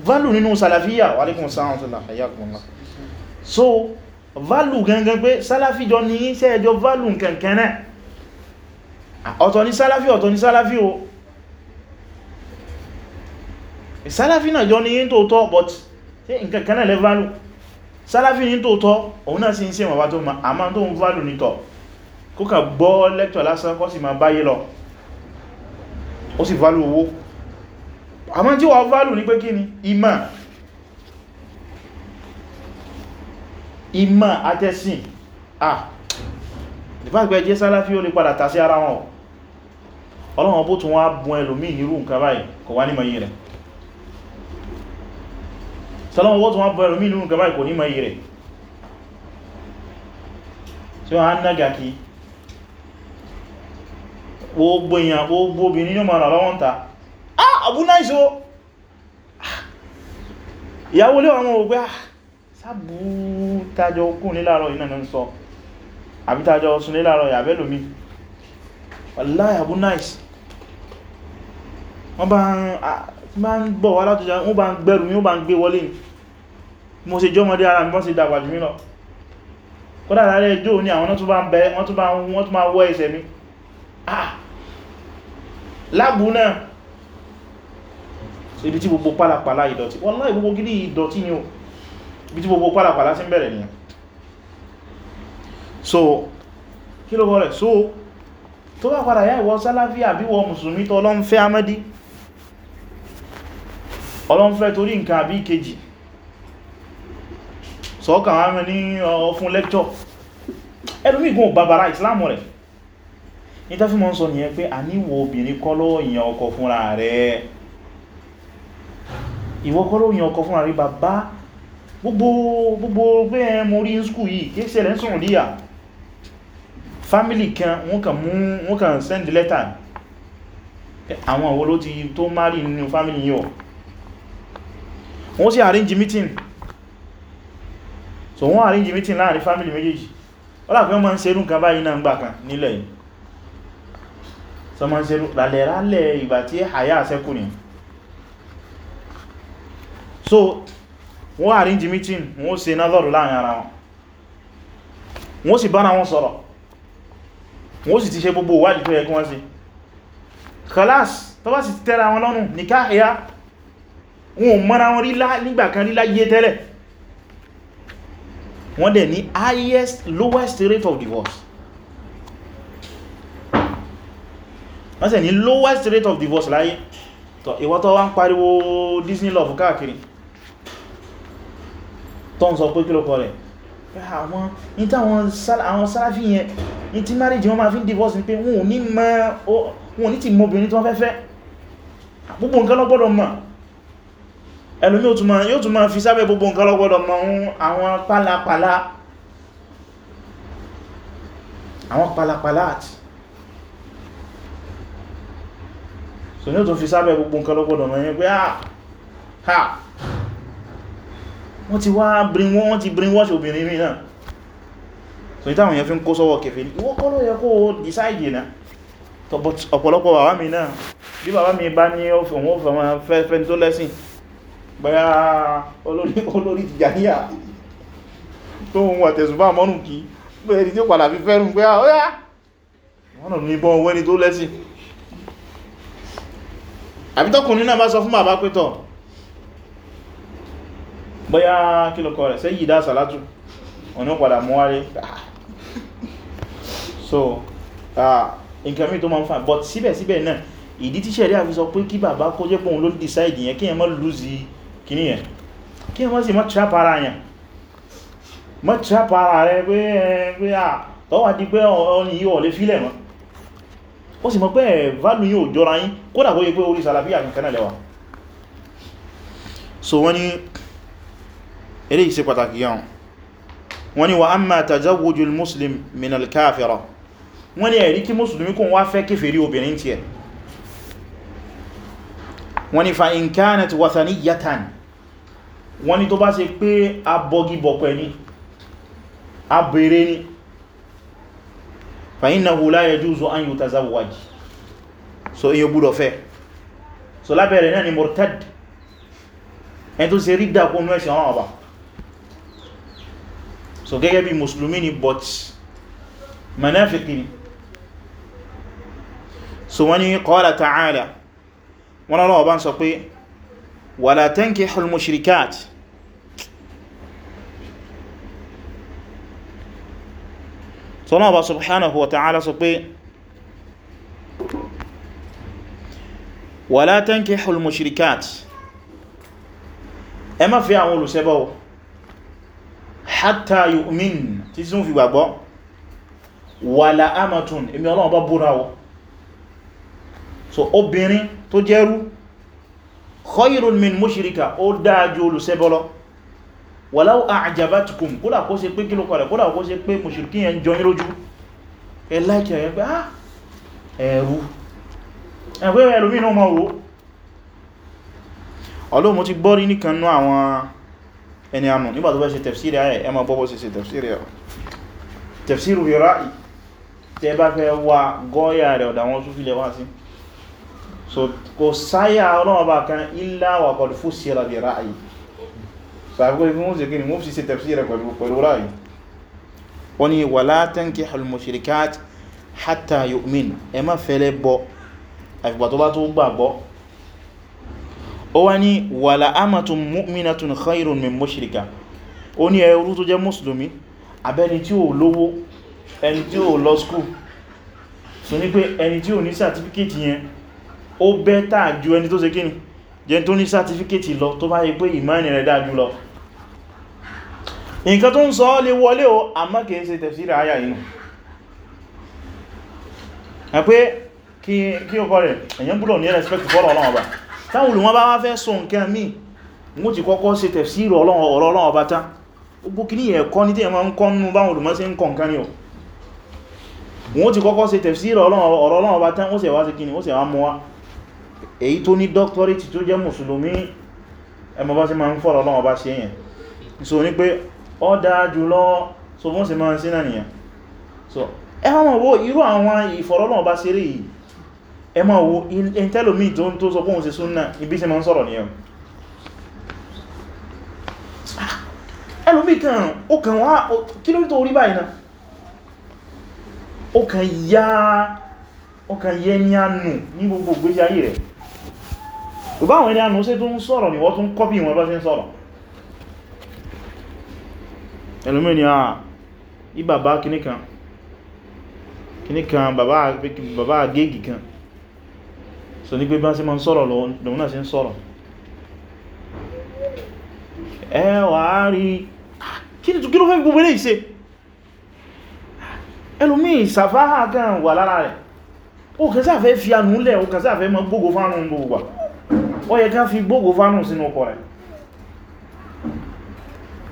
válù nínú sàlàfíyà wàlékún sáàtùlá àyàkùnlá so válù gangan pé sàlàfí jọ ní iṣẹ́ ẹjọ́ válù kẹ̀kẹ́rẹ́ ọ̀tọ̀ ni sàlàfí ọ̀tọ̀ ni sàlàfí o sàlàfí náà jọ ní yí tó tọ́ but nǹkan kan náà lẹ́ válù sàlàfí ní tó tọ́ òun náà sì ń ṣe màbá tó ma àmá tó ń válù ní tọ́ kó kà gbọ́ lecture lásán kó sì máa báyé lọ ó sì valú owó àmọ́ tí wọ́n valú ní pé kí ni ìmọ̀ ìmọ̀ àtẹ́sìn ah ìfàgbẹ́ jẹ́ sálàfí ó lè padà tà sí ara wọn ọlọ́wọ́n bó tún wá bùn ẹlòmí nírú nǹkan báyìí kò wá nímọ̀ yìí rẹ̀ sọlọ́wọ́n bó tún wá bùn ẹlòmí nírú nǹkan báyìí kò nímọ̀ yìí rẹ̀ tí wọ́n á nága kìí gbogbo èèyàn gbogbo obìnrin ní mara lọ́wọ́n ta ah abu náìsí o ah, ìyàwó lé ọmọ ògbé sábú tajọ okùn níláàrọ̀ iná ní sọ àbí tajọ ọsùn níláàrọ̀ ìyàbẹ́ lómi wallahi abu náìsí wọ́n bá ń bọ̀ wá látọjá wọ́n bá ń gbẹ̀rù mi wọ́n bá ń gbé wọlé mo ṣe jọ́mọdé ara mi bọ́n ṣe dàgbà jù mí lọ kódà lálẹ́ ìjò ní àwọn tó bá ń wọ́ ẹsẹ̀ mi ah lábú náà ibi tí gbogbo pálapàla ìdọ̀tí wọ́n láì gbogbo gidi ìdọ̀tí ni o ibi tí gbogbo pálapàla sí bẹ̀rẹ̀ ni so kí ló bọ́rẹ̀ so tó bá padà yá ìwọ sálàfí àbíwọ mùsùlùmí tó ọlọ́nfẹ́ amẹ́dí ọlọ́nfẹ́ torí nǹkan àbí ìkejì sọ́kàn amẹ́ ní ọ̀fún lẹ́kṣọ́ ẹlùmí ìgùn bàbàrà ìsìlámù rẹ̀ ní tàbí mọ́ sọ nìyẹn pé a níwọ obìnrin kọ́ ló yàn ọkọ fúnra rẹ̀ ìwọ kọ́ ló yàn ọkọ fúnra rẹ̀ bàbá gbogbo pé ẹ mọ́ rí skú yìí kí ṣe rẹ̀ ń sọ̀rọ̀ díyà fámílì kan wọ́n kàn mú wọ́n kàn send letter àwọn àwọn ló ti tó márì nínú family yíò wọ́n sì arrange meeting so wọ́n arrange meeting láàrin fámílì méjèèjì ọlá pé wọ́n máa ń ṣerú nǹkan báyìí náà gbà kan nílẹ̀ yìí tó ma ń ṣe lálẹ̀ ìgbà tí àyà sẹ́kù ní so wọ́n arrange meeting wọ́n ṣe nádọ́rù láàrin ara wọn wọ́n sì bára wọn sọ̀rọ̀ wọ́n sì ti ṣe gbogbo ìwádìí tó yẹ kí wọ́n ṣe khalas tó bá sì ti tẹ́ra wọn lọ́rùn ní káàkiri wọn ò mọ́ra wọn nígbàkan rí láyé tẹ́lẹ̀ wọ́n highest lowest rate of divorce wọ́n sẹ̀ ní lowest rate of divorce láyé tọ́ ìwọ tó wá ń pariwo Disney love káàkiri tó ń sọ pé kí ló kọ rẹ̀ àwọn Salafi yẹn ní tí marriage wọ́n máa fi ń divorce ní pé wọn ò ní ti mọ́bìnrin tí wọ́n fẹ́ fẹ́ gbogbo nǹkan ló gbọ́dọ̀ mọ̀ ẹlòmí yóò tún máa fi sábẹ́ gbogbo nǹkan ló gbọ́dọ̀ mọ̀ àwọn pálapàla àwọn pálapàla àti so ní o tó fi sábẹ̀ gbogbo nǹkan lọ́gbọ́dọ̀ mọ̀ yẹn pé ah, ha wọ́n ti wá wọ́n ti brainwash obìnrin mi náà so ìtàwọn yẹn fi ń kó sọ́wọ́ kẹfẹ́ ní ìwọ kọ́ ló yẹ kó decide náà ọ̀pọ̀lọpọ̀ bàbá mi náà bí bàbá mi bá ní òun òfin ọmọ fẹ́fẹ́ tó lẹ́sìn bẹ́yà olórí Tìjàníyà tó ń wà tẹ̀sùbá mọ́nù kí bẹ́ẹ̀ tí ó padà fi fẹ́rùn pé ah, ó yá wọ́n nà ní bọ́n wẹ́ni tó lẹ́sìn àbí tọ́kùnrin náà bá sọ fún bàbá pé tọ́ bóyá kílùkọ rẹ̀ sẹ́yìí dá sàlátù ọ̀nà padà mọ́ wáyé so nǹkan mí tó máa ń fà but síbẹ̀síbẹ̀ náà ìdí tí sẹ̀rí àfi sọ pé kí bàbá kó jẹ́ pòun ló decide yẹn kí ẹ má lùzí kìíní yẹn kí ẹ má sì má trap ara yẹn má trap ara rẹ̀ pé ẹ̀ pé à tọ́wà ó sì mọ̀ pé ẹ̀válù eh, yóò jọra yín kódà kó yẹ pé orí sàlàfíà nìkan lẹ́wà so wọ́n ni eré ìṣe pàtàkì yàn wọ́n ni wa amma tajawuju muslim min al-kafira wọ́n ni ẹ̀rí kí musulmi kún wá fẹ́ kéfèrí obìnrin tí ẹ̀ wọ́n ni fa in kanat wathaniyatan wọ́n ni tó bá ṣe pé abọgibọ̀pẹ̀ ni abèrè ni fàínàhù la yajuzu an yutazawwaj so iye gbúdọ̀ fẹ́ so lábẹ̀rẹ̀ náà ni murtad ẹni tó ṣe rí dàkún ní ẹ̀ṣẹ̀ wọn ọba so gẹ́gẹ́ bí musulmi ni but manafiki ni so wani qala ta'ala wọn lọ́wọ́ bá ń sọ pé wala tankihul sọ́nà ọba subhanahu wa ta'ala sọ pé wala tankihul mushrikat ẹ má fi àwọn olùṣẹbọ hatta yu'min tí sún fi gbàgbọ́ wala amatun èmi Ọlọ́run bá búra wọ so obìnrin tó jẹ́rú khayrun min mushrika ó dáa jù walau a'jabatkum kódà kó ṣe pé kí ló kọ̀rẹ̀ kódà kó ṣe pé mùsùlùkí yẹn jọ nírójú ẹ̀láìkì ẹ̀yẹ pé ah ẹ̀rù ẹ̀gbẹ́ ẹlòmí náà mọ́ wo ọlọ́ mo ti gbọ́rí nìkan ní àwọn ẹni ànù nígbà tó bẹ́ ṣe tafsiri ayẹ̀ ẹ ma bọ́bọ́ sí ṣe tafsiri ẹ̀ tafsiru bi ra'i tẹ bá fẹ́ wá gọ́ọ̀yà so àgbẹ́ fún oúnjẹ gini wọ́n fi ṣe tafsira pẹ̀lú ráyí wọ́n ni wala tankihul mushrikat hatta yu'min ẹ má fẹ́lẹ́ bọ́ àfìgbà tó bá tó gbàgbọ́ ó wá ní wala amatun mu'minatun khairun min mushrika ó ní ẹrú tó jẹ́ mùsùlùmí abẹ́ni tí ó lówó ẹni tí ó lọ skú so ní pé ẹni tí ó ní sàtífíkètì yẹn ó bẹ́tà ju ẹni tó ṣe kíni jẹ́ tó ní sàtífíkètì lọ tó bá yẹ pé ìmáìnì rẹ̀ dájú lọ nǹkan tó ń sọ lè wọlé o àmọ́ kìí ṣe tẹ̀fsíra ayà inú ẹ pé kí o kọ́ rẹ̀ èyàn búrọ̀ ní respect fọ́rọ̀ Ọlọ́run Ọba táwọn olùwọ́n bá wá fẹ́ sọ nǹkan mí mú ti kọ́kọ́ ṣe tẹ̀fsíra Ọlọ́run Ọba tán gbogbo kí ní ẹ̀kọ́ ní tí ẹ ma ń kọ́ nínú báwọn olùmọ́ sí ń kọ̀ nǹkan ní o wọ́n ti kọ́kọ́ ṣe tẹ̀fsíra Ọlọ́run Ọba tán ó sì wá sí kí ni ó sì wá mú wá èyí tó ní doctorate tó jẹ́ mùsùlùmí ẹmọ bá sí ma ń fọ́rọ̀ Ọlọ́run Ọba sí èyàn so ní pé ó dáa jùlọ so mọ́ sí máa ń sí náà nìyàn so ẹ máa wo irú àwọn ìfọ̀rọ̀lọ́wọ́ bá ṣeré yìí ẹ máa wo intelomi tó ń tó sọ pọ́n sí súnnà ibi sí máa ń sọ̀rọ̀ nìyàn ah, ẹlòmí kan ó kàn wá kí ló tó rí báyìí náà ó kàn yá ó kàn yẹ ní ànù ní gbogbo gbésí ayé rẹ̀ kò bá àwọn ẹni ànù sí ẹlòmí ni àà yí bàbá kìníkan kìníkan bàbá agégi kan so ní pé bá sí ma ń sọ̀rọ̀ lòun náà sí ń sọ̀rọ̀ ẹ wà á rí kí ni kí ló fẹ́ gbogbo ilé ìse ẹlòmí ìsàfáhà gan wà lára rẹ̀ ó kàn sáfẹ́ fi anúlẹ̀ ó kàn sáfẹ́ ma gbogbo fánú gbogbo wà ó yẹ ká fi gbogbo fánú sínú ọkọ̀ rẹ̀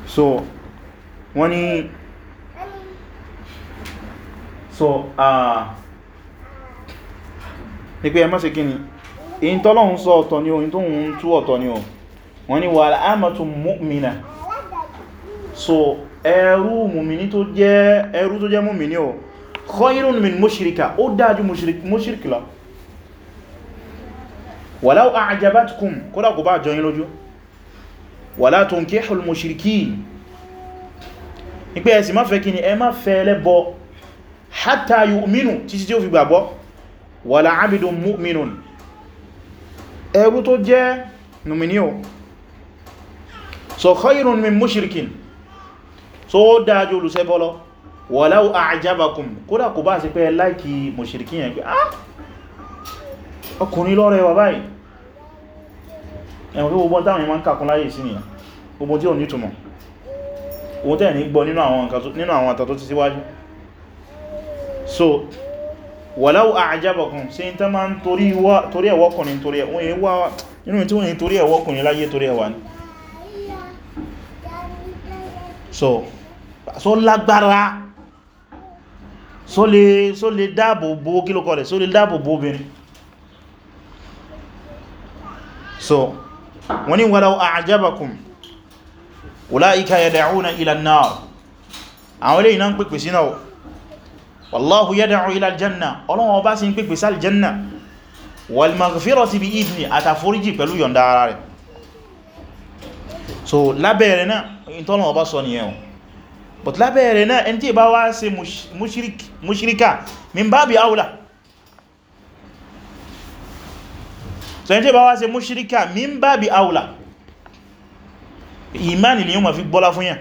so wọ́n ní so ní pé ẹmọ́ sí kí ni in tọ́lọ́hun sọ ọ̀tọ̀ ni o in tóhun tú ọ̀tọ̀ ni o wọ́n ní wal amatu mu'mina so ẹrú mùmìní tó jẹ́ ẹrú tó jẹ́ mùmìní o khairun min mushrika ó dájú mushriki lọ walau a'jabatkum kódà kò bá jọyìn lójú wala ipé ẹ̀sì má fẹ́ kíni ẹ má fẹ́ ẹlẹ́bọ hatta yu'minu títí tí ó fi gbàgbọ́ wala abidun mu'minun ẹrú tó jẹ́ numiniyo so khairun min mushrikin so ó dájú olùsẹ́bọ́lọ́ walau a'jabakum kódà kò bá sí pé láìkí mushrikin yẹn pé ah! òun tẹ́ ní gbọ́ nínú àwọn nǹkan tó ti síwájú so walau a'jabakum sí n tẹ́ máa ń torí ẹ̀wọ́kùnrin torí ẹ̀wọ́kùnrin láyé torí ẹ̀wà ní so so lágbára so lè dáàbò bò kílòkọ̀ rẹ̀ so lè dáàbò bò obìnrin so wọ́n ni walau a'jabakum ulaika yad'una ila an-nar àwọn eléyìí náà ń pèpè sínà ọ̀ wallahu yad'u ila al-janna ọlọ́wọ́ bá sí ń pèpè sáà al-janna wal maghfirati bi àtàforíjì pẹ̀lú yọ̀nda ara so lábẹ̀ẹ̀rẹ̀ náà ìtọ́lọ̀ ọba sọ nìyẹn but lábẹ̀ẹ̀rẹ̀ náà ẹni tí ìbá wá ṣe múṣíríkà min bá so ẹni tí ìbá wá ṣe múṣíríkà ìmáni lè yíò ma fi gbọ́lá fún yàn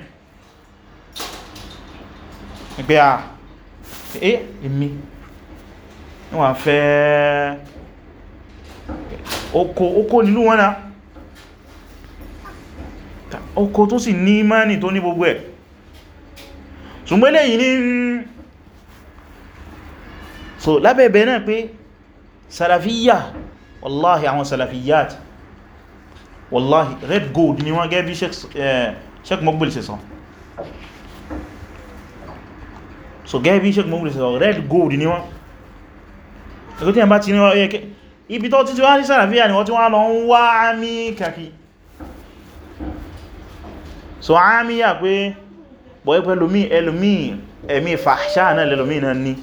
pé à ah, ẹ́ eh, èmi wọ́n fẹ́ oko oko nínú wọn náà oko tó sì ní ìmáni tó ní gbogbo ẹ̀ ṣùgbọ́n lẹ́yìn ní so lábẹ̀ẹ̀bẹ̀ náà pé salafiyya wallahi àwọn salafiyyat wallahi red gold ni wọ́n gẹ́ bí sheik eh, mokbil ṣe sọ so gẹ́ bí sheik mokbil ṣe sọ red gold ni wọ́n ẹgbẹ́ tí a bá ti ní ọ̀yẹ́ ibi tó títí wá ní sàràfíà ni wọ́n tí wọ́n lọ ń wá àmì kàkí so àmì yà pé bọ̀ ẹ́ pẹ̀lúmí ẹlùmí ẹ̀mí fàṣà náà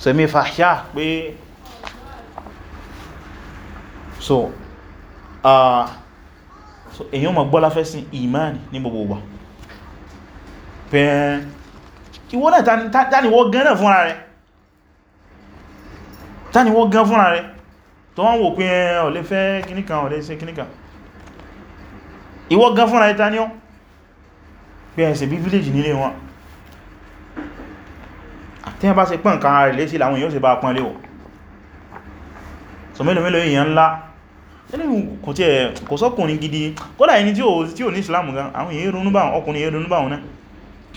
so ẹ̀mí fàṣà pé so Ah, èyàn mọ̀ gbọ́lá fẹ́ sí ìmáni ní gbogbo wa pẹ̀ẹ́n ìwọ́n náà tániwọ́ gan náà fúnra rẹ̀ tániwọ́ gan fúnra rẹ̀ tó wọ́n wò pé ọ̀lẹ́ fẹ́ kíníkan ọ̀lẹ́ sí kíníkan ìwọ́ gan fúnra rẹ̀ tániọ́ pé ẹ̀sẹ̀ bí village nílé wọn tí wọ́n bá ṣe pẹ́ nǹkan rẹ̀ lé sí làwọn èèyàn ṣe bá pọ́n lé wọ̀ so mélòó mélòó èèyàn ńlá eléyìn kò tí ẹ̀ kò sọ́kùnrin gidi kódà ẹni tí ò ní Islam gan àwọn èyí ronú bá wọn ọkùnrin èyí ronú bá wọn náà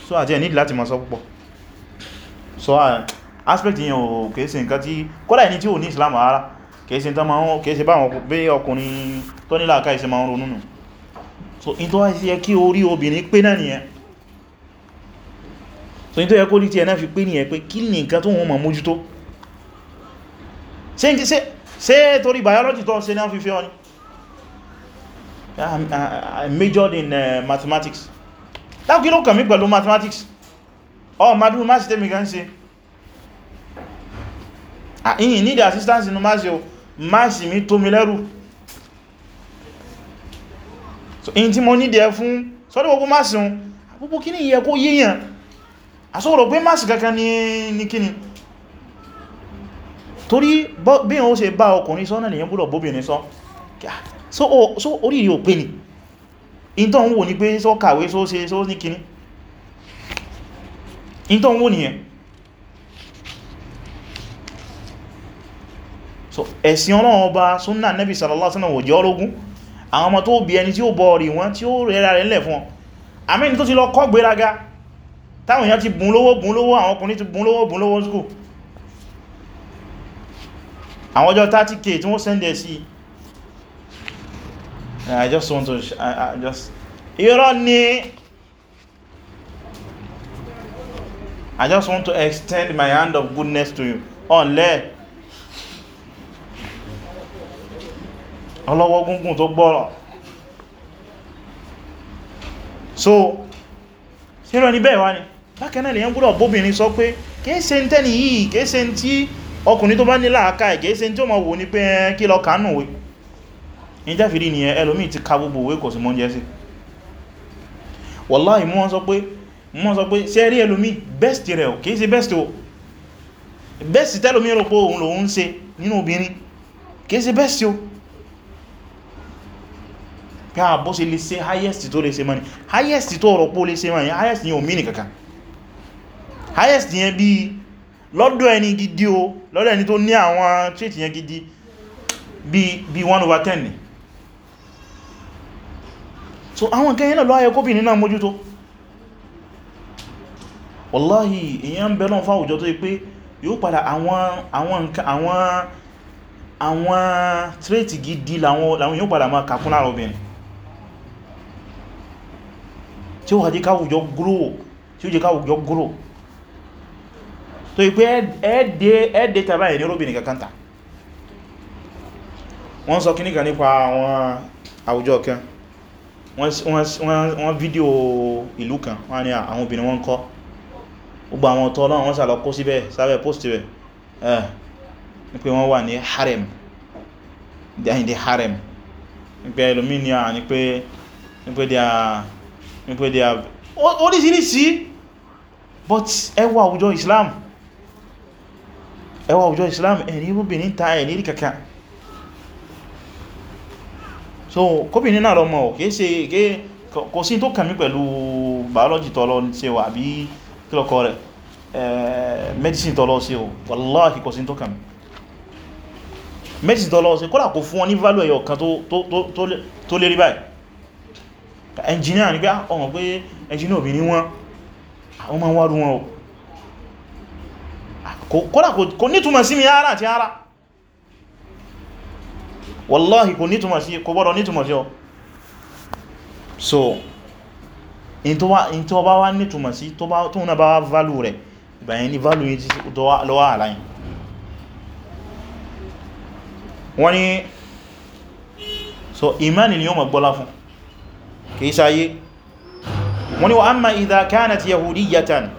so àti ẹ̀ nídì láti ma sọ púpọ̀ so aspect yẹn o kèése nǹkan tí kódà ẹni tí ò ní Islam ara kèése tán máa kèése bá wọn pé ọkùnrin tó nílà aká ìṣe máa ronú nù so in tó wá sí ẹ kí orí obìnrin pé náà nìyẹn so in tó yẹ kó rí tí ẹ náà fi pé nìyẹn pé kí ni ṣé torí biology tó ń ṣe náà fífẹ́ ọni I majored in uh, mathematics láàkí ló kàn mí pẹ̀lú mathematics Oh, madúrú máa sí tẹ́mì gan Ah, ìyìn need assistance inú máa ṣe o máa sì to tó mi lẹ́rù so in tí mo ní dẹ̀ fún sọ́dọ̀ gbogbo máa sí un gbogbo kíní yẹ kó yíyàn àsọ́rọ̀ pé máa sì kankan ní kíní torí bí wọ́n ṣe bá ọkùnrin sọ́nà lèyàn gbọ́dọ̀ bóbìnrin sọ so orí yíò pé ní ìntọ́ ń wò ní pé sọ kàwé só ṣe só ní kíní ìntọ́ ń wò nìyẹn so ẹ̀sìn Ọlọ́run ọba súnnà nẹ́bì sallallahu alaihi wasallam ọlógún àwọn ọjọ́ 30k tí wọ́n sẹ́ndẹ̀ sí i just want to I, I just irọ́ ni I just want to extend my hand of goodness to you ọ̀nlẹ́ ọlọ́wọ́ gúngùn tó gbọ́rọ̀ so sírọ̀ ní bẹ́ẹ̀ wá ní bákanáà lè yẹn gbọ́dọ̀ bóbìnrin sọ pé kìí ṣe ń tẹ́ni yìí kìí ṣe ń tí ọkùnrin tó bá ní láàká ẹ̀gẹ́ ṣe tí ó máa wò ní pé kí lọ kánúwé ní jẹ́fìrí ni ẹlòmí ti ka gbogbo owó kò sí mọ́ jẹ́ sí wàláhì mú wọ́n sọ pé mú wọ́n sọ pé ṣe rí ẹlòmí best rẹ̀ kìí ṣe best o best tẹ́lòmí rò pé òun lòun ṣe nínú obìnrin kìí ṣe best o pé àbó ṣe lè ṣe highest tó lè ṣe mọ́ highest tó rọ̀ pé ó lè ṣe mọ́ ni highest ni ò mí nìkankan highest yẹn lọ́dọ̀ ẹni gidi o lọ́dọ̀ ẹni tó ní àwọn trait yẹn gidi bí 1 over 10 ni so àwọn kẹyìn náà lọ ayẹ kóbì nínú àmójútó wàláhì èyàn ń bẹ̀lọ́n fún àwùjọ tó yí pé yóò padà àwọn trait gidi làwọn yóò padà máa kàkún láàrọ̀ obìnrin tí ó wà jẹ́ káwùjọ grow tí ó jẹ́ grow tó ipé ẹ́ẹ̀dẹ́ tàbí ẹ̀ ní róbìnrin kankan ta wọ́n sọ kíníkà nípa àwọn àwùjọ kan wọ́n fídíò ìlú kan wọ́n ní àwọn obìnrin wọ́n kọ́ gbogbo àwọn ọ̀tọ́ ọlọ́run wọ́n sàlọ kó síbẹ̀ sábẹ̀ post rẹ̀ ẹ̀ eh, nípé wọ́n wà ní harem dáyìndé harem nípé ẹlòmí ni à nípé dia nípé dia orísìírísìí but ẹwà àwùjọ Islam ẹwà òjò islam ẹ̀rí obìnrin ta ẹ̀ nírí kẹkẹ so kóbìnrin náà lọ́mọ ò kìí ṣe kò sí tó kàmí pẹ̀lú biology tọ́lọ ṣe wà bí kílọ̀kọ́ rẹ̀ medicine tọ́lọ ṣe ò wallahi kò sí tó kàmí medicine tọ́lọ ṣe kọ́lá kò fún wọn ní value ẹyọ kan tó lérí báyìí engineer ni pé ah, ọmọ pé engineer obìnrin wọn àwọn máa wárú wọn ò kódà kò nítumọ̀ sí mi ara àti ara wallahi kò nítumọ̀ sí kò gbọ́dọ̀ nítumọ̀ sí ọ so in tó bá wá nítumọ̀ sí tó náà bá wá valú rẹ̀ ìbàyẹn ni valú yìí ti lọ́wọ́ àláyìn wọ́n ni so imani ni yóò mọ̀ gbọ́lá fún kìí sáyé wọ́n ni wa amma idha kanat yahudiyyatan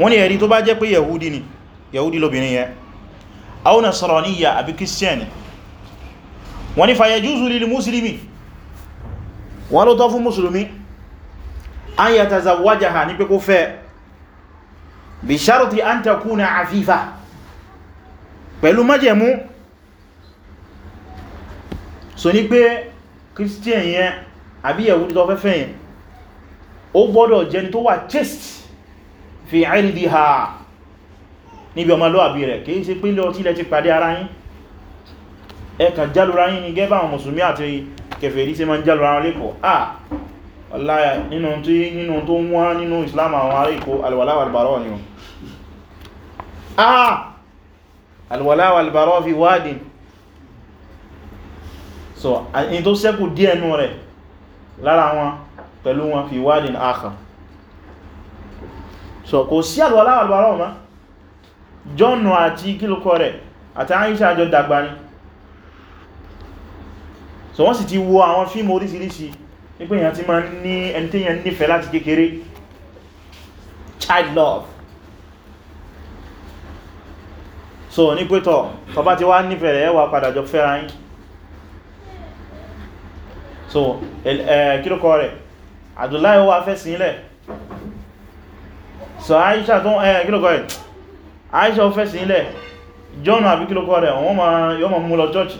wọ́n ní ẹ̀rí tó bá jẹ́ pé yahudi ni yahudi lóbìnrin yẹ àwọn nasaraniya àbí kírísítíẹ̀nì wọ́n ní fàyẹjúzù lílì musulmi wọ́n ló tọ́ fún musulmi an yà tazawájá ha ní pé kó fẹ́ bí sharti an takuna afifa pẹ̀lú májẹ̀mú so ní pé kírísítíẹ̀n yẹn àbí yahudi tó fẹ́fẹ́ yẹn ó gbọ́dọ̀ jẹni tó wà chaste fi ildiha níbi ọmọlúwàbí rẹ̀ kìí ṣe pínlẹ̀ ọtí lẹ ti pàdé ara yín ẹkàn jálura yín ni gẹ́bà àwọn mùsùlùmí àti kèfèrí ṣe ma ń jálura wọn lẹ́kọ̀ọ́ ah wàláyà nínú tó wọ́n nínú islam àwọn ará ikó alwàláwàlbàrọ̀ ni ah alwàláwàlbàrọ̀ fi wádìn so in tó sẹ́kù díẹ̀ nú rẹ̀ lára wọn pẹ̀lú wọn fi wádìn so kò sí àlùwàlá àlùwàlá ọ̀má John àti kílùkọ rẹ̀ àti Aisha àjọ dàgbà ni so wọ́n sì ti wo àwọn fíìmù oríṣiríṣi nígbé èyàn ti máa ní ẹni tí èyàn nífẹ̀ẹ́ láti kékeré child love so ní pẹ́tọ̀ tó bá ti wá nífẹ̀ẹ́ rẹ̀ padà jọ fẹ́ra yín so kílùkọ rẹ̀ Abdullahi wà fẹ́ sílẹ̀ so Aisha tó ẹ̀ eh, kílòkọ́ ẹ̀ Aisha ó fẹ́sì ilẹ̀ John àbí kílòkọ́ rẹ̀ wọ́n ma yọ́ ma mú lọ church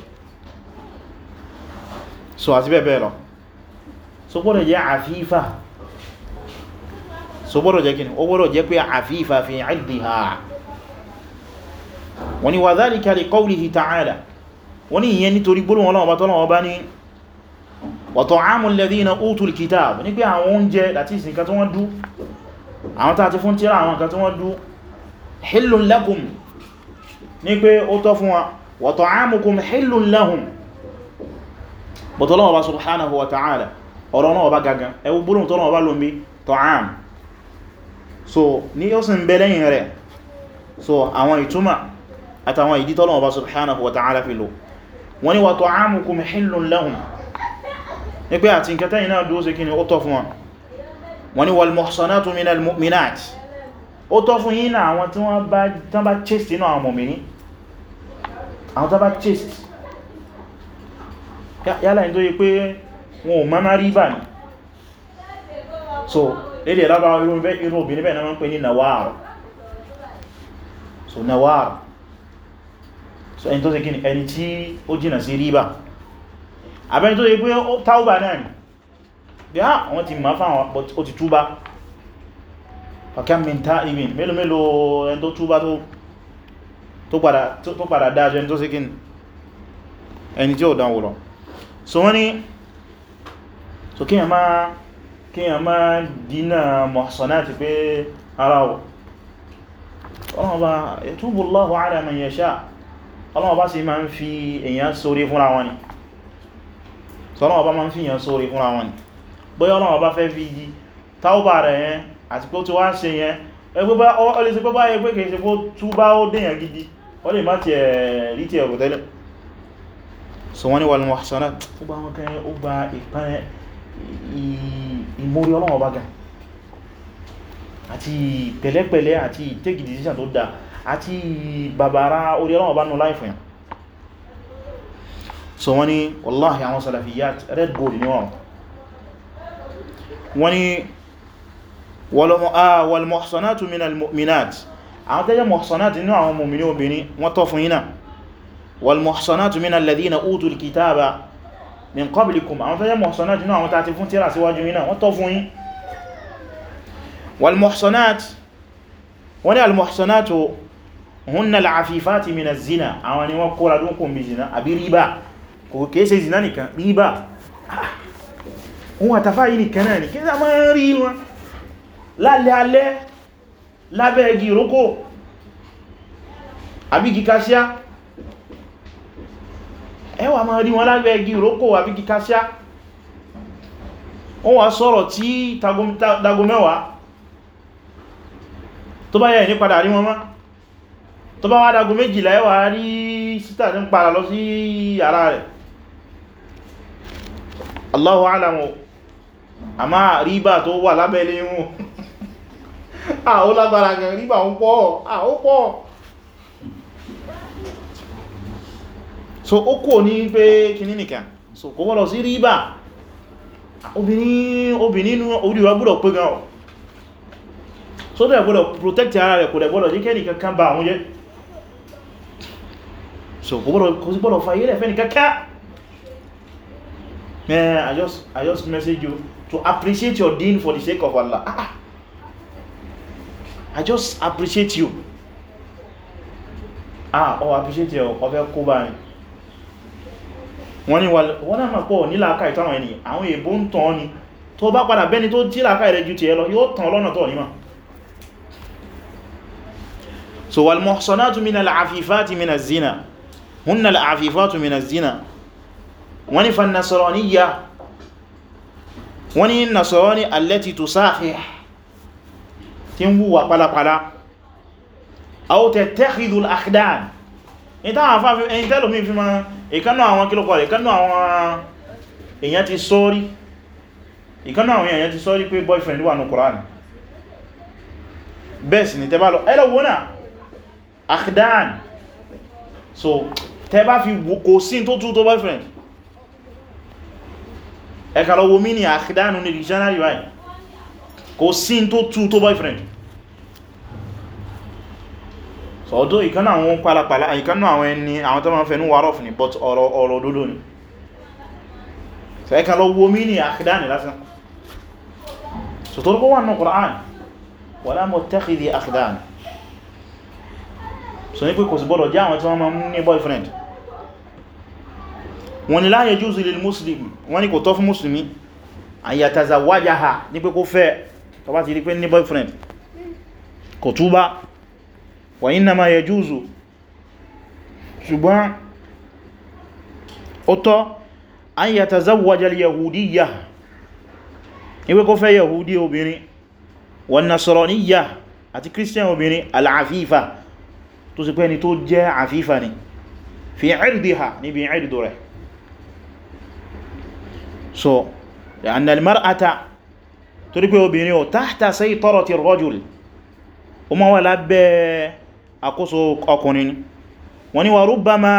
so àti bẹ́ẹ̀ bẹ́ẹ̀ lọ so gbọ́dọ̀ jẹ́ àfífà so gbọ́dọ̀ jẹ́ kíni ó gbọ́dọ̀ jẹ́ pé àfífà fi ildiha wọ́n wa dhalika li qawlihi ta'ala wọ́n ni ìyẹn nítorí gbólóhùn Ọlọ́run bá tọ́lọ́wọ́ bá ní wa ta'amul ladhina utul kitab ní pé àwọn oúnjẹ láti ìsìnká tó wọ́n dú àwọn tàà ti fún tíra àwọn kan tí wọ́n dú hillun lakum ní pé ó tọ́ fún wa wa ta'amukum hillun lahum bọ̀tọ̀lọ́wọ́ bá subhanahu wa ọ̀rọ̀ náà bá gagan ẹwú búrùn tọ́lọ́wọ́ bá lómi so ní ó sì so àwọn ìtumà àtàwọn ìdí tọ́lọ́wọ́ bá subhanahu wa ta'ala fi lò wọ́n ni wa ta'amukum hillun lahum tọ́ wọ́n ní wal muhsanatu minal mu'minat ó tọ́ fún yín náà àwọn tí wọ́n tán bá chaste inú àwọn mọ̀mìnì àwọn tán bá chaste yálà ní tó yí pé wọn ò máa rí bà ní so lédè lábá irú obìnrin bẹ́ẹ̀ náà ń pè ní nawar so nawar so ẹni tó ṣe kí ni ẹni tí ó jìnà sí ríbà àbẹ́ni tó yí pé ó táúbà náà bí á wọ́n ti máa fáwọn ó ti túbá fàkẹ́mìntá ìrìn mélòó mélòó ẹni tó túbá tó padà dájọ́ ẹni tó síkín ẹni tí ó dánwò lọ so wọ́n ni so kíyàn máa kíyàn máa dínà mọ̀sánà ti pé ara wọ̀ ọlọ́ọ̀bá yatubu Allahu ala ń fi èyàn sórí fúnra wọn ni bóyá Ọlọ́run bá fẹ́ fi yí taubá rẹ̀ yẹn àti pé ó ti wá ṣe yẹn ẹgbẹ́ ọlẹ́ sí pé bá yẹ pé kìí ṣe pé túbá ó dèyàn gidi ó lè má ti rí ti ẹ̀rù tẹ́lẹ̀ so wọ́n ni wal muhsanat ó bá wọn kẹrin ó gba ìpẹ́rẹ ìmórí Ọlọ́run bá gan àti pẹ̀lẹ́pẹ̀lẹ́ àti take decision tó dáa àti bàbára orí Ọlọ́run bá nù láìfún yàn so wọ́n ni wallahi àwọn salafiyat red gold ni wọ́n wọ́n ni wal muhsanatu minal mu'minat àwọn tẹ́jẹ́ muhsanat nínú àwọn mu'mini obìnrin wọ́n tọ́ fún yínà wal muhsanat minal ladhina utul kitaba min qablikum àwọn tẹ́jẹ́ muhsanat nínú àwọn tàti fún tíra síwájú yínà wọ́n tọ́ fún òun àtàfà yìí nìkan náà ní kí ní a máa rí wọn lálẹ́ alẹ́ lábẹ́ igi ìrókò àbí igi kaṣíá ẹwà máa rí wọn lábẹ́ igi ìrókò àbí igi kaṣíá wọ́n wá sọ̀rọ̀ tí dago mẹ́wàá tó bá yẹ ní padà rí wọn mọ́ tó bá wá dago méjìlá ẹwà rí sítà ní padà lọ sí ara rẹ̀ Allahu alamu àmá ríbà tó wà lábẹ́lé wọn àà ó lágbára gan ríbà ó pọ̀ àà ó pọ̀ so ó kò ní pé kìní nìkan so kò wọ́lọ̀ sí ríbà obìnrin inú olùwà gbọ́dọ̀ pé gan ọ̀ so de gbọ́dọ̀ protect ara rẹ̀ kò dẹ̀ gbọ́dọ̀ jíkẹ́ nìkan kan bá àwọn jẹ́ so kò gbọ́dọ̀ fa ilẹ̀ fẹ́ nìkan ká eh, man I just I just message you to appreciate your deen for the sake of Allah ah, ah. I just appreciate you ah oh appreciate you ọfẹ́ kó báyìí wọ́n ni wọ́n náà pọ̀ nílàáká ìtàwọn ẹni àwọn èbó ń tàn ni tó bá padà bẹ́ni tó tí làáká ìrẹ́jú ti ẹ lọ yóò tàn lọ́nà tọ́ níma so wal muhsanatu min al-afifati min az-zina hunna al-afifatu min az-zina wọ́n ni fa an-nasraniyya wọ́n ní nasọ́rọ́ ní allati tusafih tí ń wúwà pálapàla aw tattakhidhu al-akhdan ní táwọn afáfí ẹni tẹ́lò mí fi ma ìkánú àwọn kílùkọ̀ ìkánú àwọn èyàn ti sọ́rí ìkánú àwọn èyàn ti sọ́rí pé boyfriend wà ní Qur'an bẹ́ẹ̀ sì ni tẹbá lọ ẹlọ́wọ́nà akhdan so ẹka lọ wo mini àkídánù ní dictionary báyìí kò sí tó tú tó boyfriend so ọdọ́ ìkánà àwọn pàlàpàlà ìkánà àwọn ẹni àwọn tó máa fẹ́nu wà rọ̀fù ní but ọ̀rọ̀ ọ̀rọ̀ dúdú ni so ẹka lọ wo mini àkídánù lásán so tó rúkọ wà ní Qur'an wala mutakhidhi àkídánù so ní pé kò sí gbọ́dọ̀ jẹ́ àwọn tí máa mú ní boyfriend wọ́n ni la yajuzu lil muslim wọ́n ni kò tọ́ fún musulmi an yatazawajaha ní pé kó fẹ́ tó bá ti rí pé ní boyfriend kò túbá wa innama yajuzu ṣùgbọ́n ó tọ́ an yatazawajal yahudiyya ní pé kó fẹ́ yahudi obìnrin wan nasraniyya àti christian obìnrin al tó sì pé ẹni tó jẹ́ afifa ni fi irdiha níbi irdu rẹ̀ so anna al-mar'ata torí pé obìnrin o tahta saytarati ar-rajul o ma wà lábẹ́ àkóso ọkùnrin wọ́n ní wa rubbama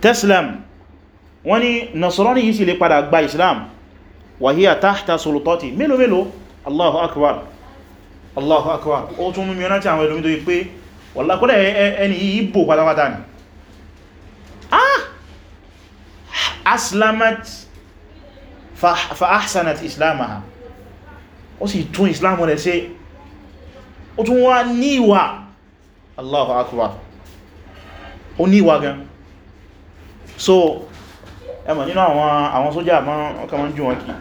taslam wọ́n ní nasarani yìí sì lè padà gba islam wa hiya tahta sultati mélòó allahu akbar allahu akbar o tún mú mìíràn tí àwọn ẹlòmí tó yí pé wàlá kọ́lẹ̀ ẹni yìí bò pátápátá ni aslamat fa'ahsanat islamaha ó sì tún islamu rẹ̀ ṣe ó tún wá níwà allahu akbar ó níwà gan so ẹmọ̀ nínú àwọn sójà ọkàmọ́ jù wọn kí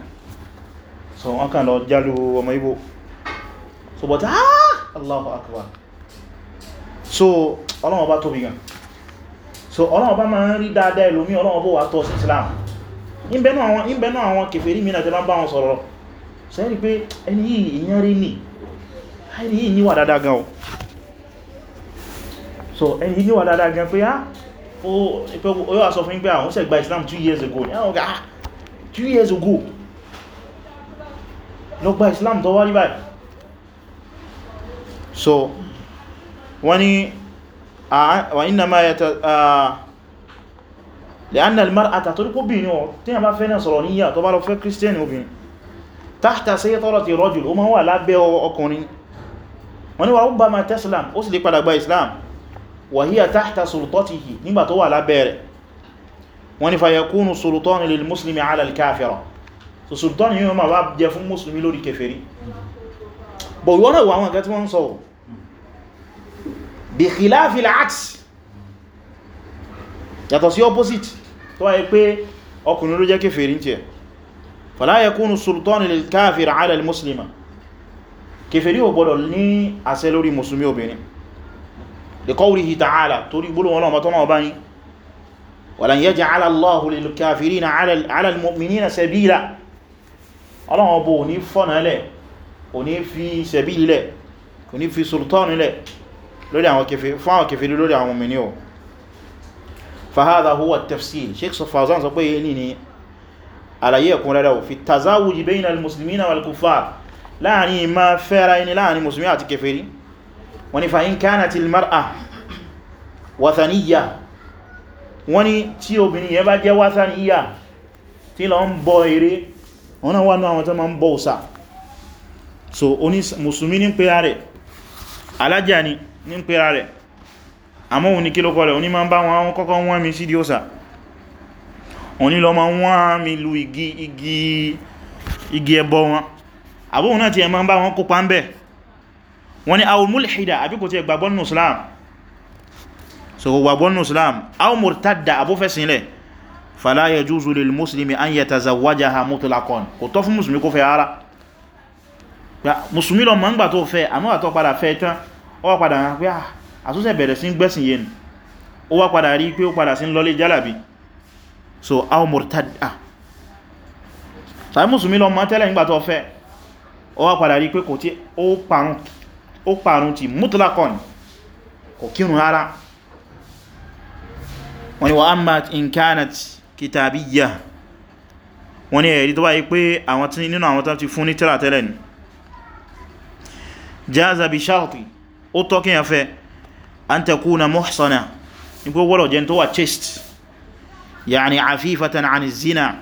so wọ́n kàn lọ jálù ọmọ Ìgbò so but ah allahu akbar so ọlọ́wọ́ bá tóbi gan so ọlọ́wọ́ bá máa ń rí dáadáa ẹlòmí ọlọ́wọ́ bó wà tọ́ sí islam ìbẹ̀nà àwọn kèfèrí mìíràn tẹ́ bá bá wọn sọ̀rọ̀ so ẹni pé ẹni yìí ìyẹn rí ní ẹni yìí níwà dáadáa gan so ẹni yìí níwà dáadáa gan pé ah, ó yóò sọ fún pé àwọn ah, ṣe gba islam 2 years ago ni àwọn ọgá 2 years ago lọ gba islam tó wá rí báyìí so wọ́n ni وإنما يت... لأن المرأة تطلق بينه تيما فينا صرانية طبعا لو فيه كريستياني وبين تحت سيطرة الرجل وما هو لابي وأكوني wọ́n ní wà rúgbàmà teslam ó sì lè padà gba islam wà híyà tahta sultatihi nígbà wà lábẹ́rẹ̀ wọ́n ma wá jẹ fún musulmi lórí kèfèrí bọ̀ wà wọn bí kìláàfì láàks yàtọ̀ sí opposite tó wáyé pé ọkùnrin ló jẹ́ kéfèrí tí ẹ̀ fàláyẹ kúnnù sultan lè káàfìrì alẹ́ muslima kéfèrí ò gbọ́dọ̀ ní àṣẹ lórí musulmi obìnrin lè kọ́wùrí hìtàálà torí gbólóhùn ọlọ́mọ tọ́nà ọba ní wàlàn yẹ́ jẹ́ aláàlọ́hù lè káàfìrí lórí àwọn kèfèrí fún àwọn kèfèrí lórí àwọn mìíní o fahadha huwa tafsil sheikh sofazan sọ pé yìí ni àlàyé ẹ̀kún rẹ̀ o fi tazawuji bayna al-muslimina wal-kuffar láàrin ma fẹ́ra ẹni láàrin musulmi àti kèfèrí wọ́n ni fa'in kanati al so oní musulmi ní pé rẹ̀ ní ń pèrà rẹ̀ àmọ́ òun ní kí lókọ́ rẹ̀ òní ma ń bá wọn kọ́kọ́ wọ́n mi sí di òsà òní lọ ma wọ́n mi lu igi igi igi ẹbọ wọn àbóhun náà ti ẹ ma ń bá wọn kópa ń bẹ̀ wọ́n ni àwọn múlìhìdà àbí kò ti gbàgbọ́ nù Islam so kò gbàgbọ́ nù muslimi an yatazawwajaha mutlaqan kò tọ́ fún musulmi kó fẹ́ ara musulmi lọ ma ń gbà tó fẹ́ àmọ́ àtọ́ padà fẹ́ tán ó wá padà rán pé ah, àtúnṣe bẹ̀rẹ̀ sí gbẹ́sìn yẹn ó wá padà rí pé ó padà sí lọlé jálàbí so aw murtada sàí musulmi lọ mọ́ tẹ́lẹ̀ nígbà tó fẹ́ ó wá padà rí pé kò tí ó parun ti mutlakon kò kírun rárá wọ́n ni wa amma in kanat kitabiyya wọ́n ni ẹ̀rí tó báyí pé nínú àwọn tó ti fún ní tírà tẹ́lẹ̀ ni jaza sharti ó tọ́ kí yàn fẹ́ an takuna muhsana ní pé wọ́rọ̀ jẹ́ tó wà chaste yàní àfífàtàn àni zina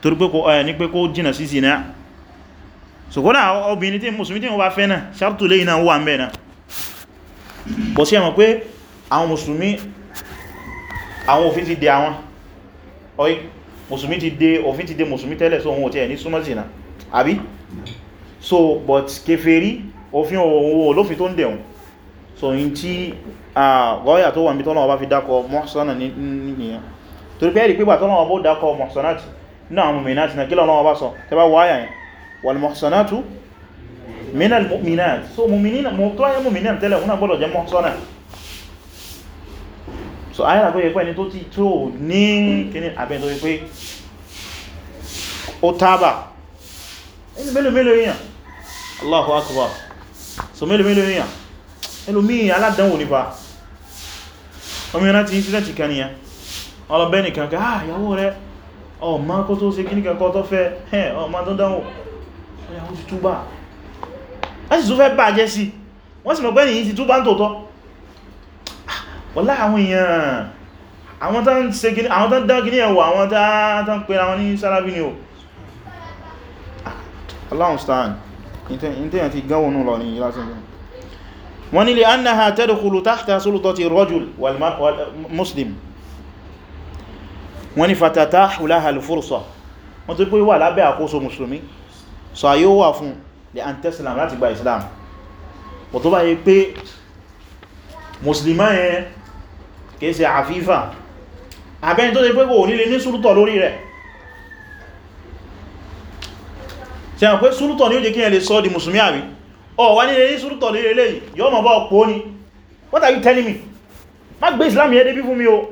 torí pé kò ẹ̀ eh, ní pé kó jìnà sí zina so kódà obìnrin tí musulmi tí wọ́n bá fẹ́ náà ṣartu lè iná wà mẹ́ náà bọ̀ sí ẹmọ̀ pé àwọn musulmi àwọn òfin ti dè àwọn ọ̀yí musulmi ti dè òfin ti dè musulmi tẹ́lẹ̀ so wọn ò tẹ́ ní súnmọ́ zina àbí so but kèfèrí òfin òwò olófin tó ń dẹ̀un so in tí gọ́ọ̀yà tó wà ní tọ́lọ́wọ́ bá fi dákọ mọ́sánà nìyàn torí pé ẹ̀rì pípà tọ́lọ́wọ́ bó dákọ mọ́sánàtì náà mú mìírànàtì na kílọ̀ náà bá sọ tẹbá wáyà yẹn wà ní mọ́sánàtù mìíràn so mú mìíràn tẹ́lẹ̀ wọn gbọ́dọ̀ jẹ mọ́sánà so ayé àgbé yẹ pé ẹni tó ti tó ní kíní àbẹ́ tó yẹ pé ó tábà ẹni mélòó Allahu akbar so mélòó mélòó èyàn ẹlòmí aládánwò nípa ọmọ ìran ti incident kan nìyàn ọlọ́bẹ́ nìkan ká ah ìyàwó rẹ ọmọ kó tó ṣe kíníkà kọ́ tó fẹ́ ẹ̀ ọmọ tó dánwò ìyàwó ti túbà wọ́n sì tó fẹ́ bà jẹ́ sí wọ́n sì mọ̀ pé nìyí ti túbà ń tòótọ́ wọ́lá àwọn èèyàn àwọn tán ṣe kíní àwọn tán dán kíní ẹ̀wọ̀ àwọn tán pè àwọn ní sárábí ni ó Allah understand ìtẹ́yàn ti gánwò nù lọ ní ìlàsìn wọ́n ni li'annaha tadkhulu tahta sultati ar-rajul wal muslim wọ́n ni fatatahu laha al-fursa wọ́n tó pé wà lábẹ́ àkóso musulmi so a yóò wà fún lè an tẹ́sìlám láti gba islam wọ́n tó bá yẹ pé musulmi yẹn kìí ṣe àwọn pé súlùtọ̀ ní ó jẹ́ kí ẹ lè sọ di musulmi àbí ọ wà nílé ní súlùtọ̀ ní ilé yìí yọ́ mọ̀ bá ọ̀pọ̀ ní what are you telling me má gbé islam yẹ́ débí fún mi o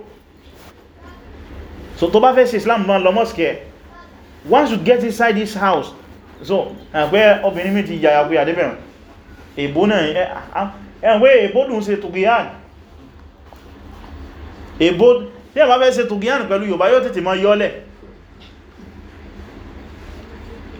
so to bá fẹ́ ṣe islam náà lọ mosque One should get inside this house so àpẹ́ obìnrin mi ti yàyà pé àdébẹ̀rún èbó náà ẹ̀wẹ́ èbó dùn ṣe tùgìyàn èbó tí ẹ bá fẹ́ ṣe tùgìyàn pẹ̀lú Yorùbá yóò tètè mọ́ yọ́lẹ̀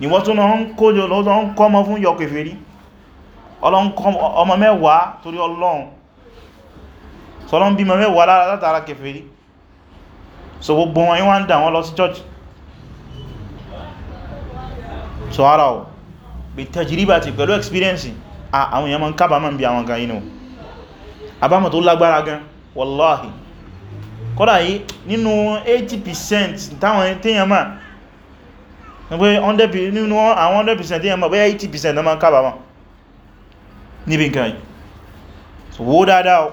ni wọ́n tún náà ń kójò lọ́dọ̀ ń kọ́mọ fún yọ kèfèrí ọmọ mẹ́wàá torí ọlọ́run sọlọ́n bímọ mẹ́wàá lára látara kèfèrí so gbogbo wọn yíwá ń dà wọ́n lọ sí church so ara o bí tajiriba ti pẹ̀lú experience àwọn èèyàn ma ń kábàámọ̀ bí àwọn gan inú àbámọ̀ tó lágbára gan wallahi kọ́dà yìí nínú 80% táwọn téèyàn máa pé 100% nínú àwọn 100% tí ẹmọ̀ bẹ́ 80% na ma ń kábàmọ̀ níbi nǹkan yìí wó dáadáa o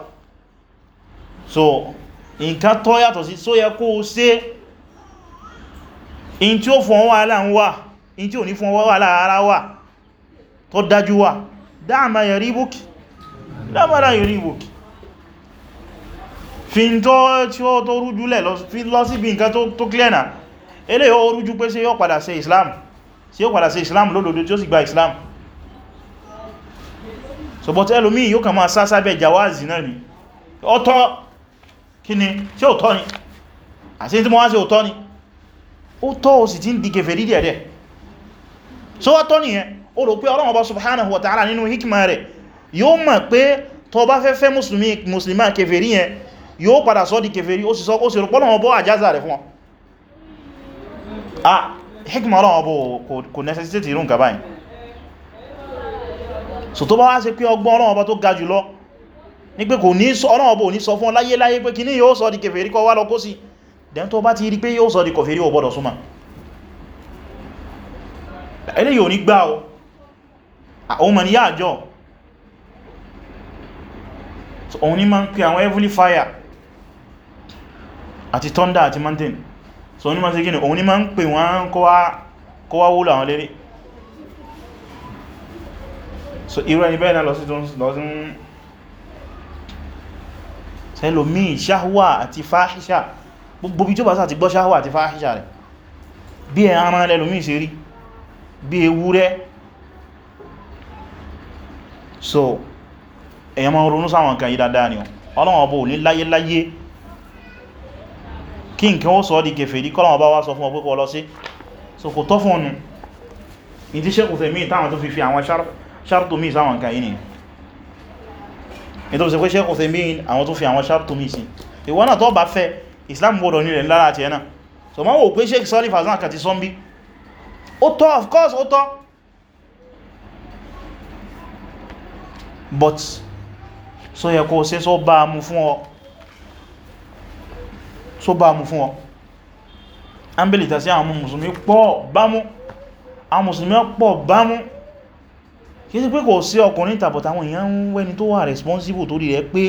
so nǹkan tó yàtọ̀ sí só yẹ kó ṣe in tí ó fún wàhálà ń wà in tí ò ní fún wàhálà ara wà tó dájú wà dáàmà yẹ̀rí bókì dáàmàrà yẹ̀rí bókì fi ń tọ́ tí ó tó rújúlẹ̀ lọ sí bí nǹkan tó clear náà ele yóò rújú pé ṣé yóò padà ṣe islam ṣé yóò padà ṣe islam lódodo tí ó sì gba islam so but ẹlòmí yóò kàn máa sásábẹ̀ jawazi náà ni ọ̀tọ̀ kí ni ṣé òtọ́ ni àti tí mo wá ṣe òtọ́ ni ó tọ́ ó sì ti ń di kèfèrí díẹ̀díẹ̀ so wá tọ́ nìyẹn ó rò pé Ọlọ́run Ọba subhanahu wa ta'ala nínú hikima rẹ̀ yóò mọ̀ pé tó bá fẹ́ fẹ́ musulmi musulman kèfèrí yẹn yóò padà sọ di kèfèrí ó sì sọ ó sì rò pé Ọlọ́run Ọba àjázà rẹ̀ fún wọn ah hikma ọlọ́wọ́ bó kò necessitate irú nǹkan báyìí so tó bá wá ṣe pé ọgbọ́n ọlọ́wọ́ bá tó ga jùlọ ní pé kò ní ọlọ́wọ́ bó ní sọ fún láyé láyé pé kíní yóò sọ di kèfèrí kọ wá lọ kó sí dẹ̀n tó bá ti rí pé yóò sọ di kèfèrí ò gbọ́dọ̀ súnmọ́ eléyìí o ah, òun mọ̀ ní yá àjọ òun ní máa thunder àti mountain so ní ma ṣe gíní òun ní ma ń pè wọ́n kó wá wúlò àwọn lérí so irú ẹni bẹ́ẹ̀ náà lọ sí tó ń sẹ́lòmí ṣáhúwà àti fáhíṣà gbogbo bí tó bá sáà ti gbọ́ ṣáhúwà àti fáhíṣà rẹ̀ bí ẹ̀ ara lẹ́lòmí ṣe rí bí ewúrẹ́ so èyàn ma ronú sáwọn kan yí dáadáa ni ọlọ́wọ́ bó ní láyé láyé kí nkí wọ́n sọ di kèfèrí kọ́lọ̀wọ́ bá wá sọ fún ọgbẹ́kọ́ lọ sí so kò tọ́ fún ọnù ìdí sẹ́kù tẹ̀mí táwọn tó fi fi àwọn ṣàrtù mí sáwọn nǹkan yìí ìtọ́bùsẹ̀ pé sẹ́kù tẹ̀mí àwọn tó fi àwọn ṣàrtù mí sí ìwọ́n náà tó bá fẹ́ Islam gbọ́dọ̀ nílẹ̀ lára àti ẹ̀nà so ma wò pé Sheikh Saalih Al Fawzān àkàtí sọ́mbí ó tọ́ of course ó but so yẹ kó ṣe sọ bá mú fún ọ so bá mú fún wọn ambili tàbí àwọn musulmi pọ̀ bámú àwọn musulmi pọ̀ bámú kìí sí pé kò sí ọkùnrin tàbọ̀tà àwọn èèyàn ń wẹ́ni tó wà responsible torí rẹ̀ pé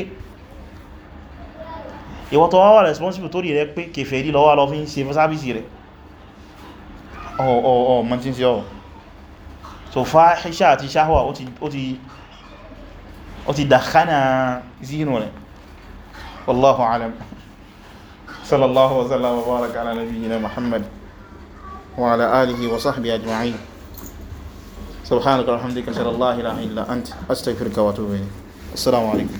ìwọ tó wà responsible torí rẹ̀ pé kèfèrí rí lọ́wọ́ lọ fi ń ṣe sábìsì rẹ̀ ọ̀ọ̀ mọ́ tí ń ṣe o so fáhíṣà àti ṣáhwà o ti dàkánà zínú rẹ̀ wallahu alam صلى الله وسلم وبارك على نبينا محمد وعلى آله وصحبه أجمعين سبحانك وبحمدك أشهد أن لا إله إلا أنت أستغفرك وأتوب إليك السلام عليكم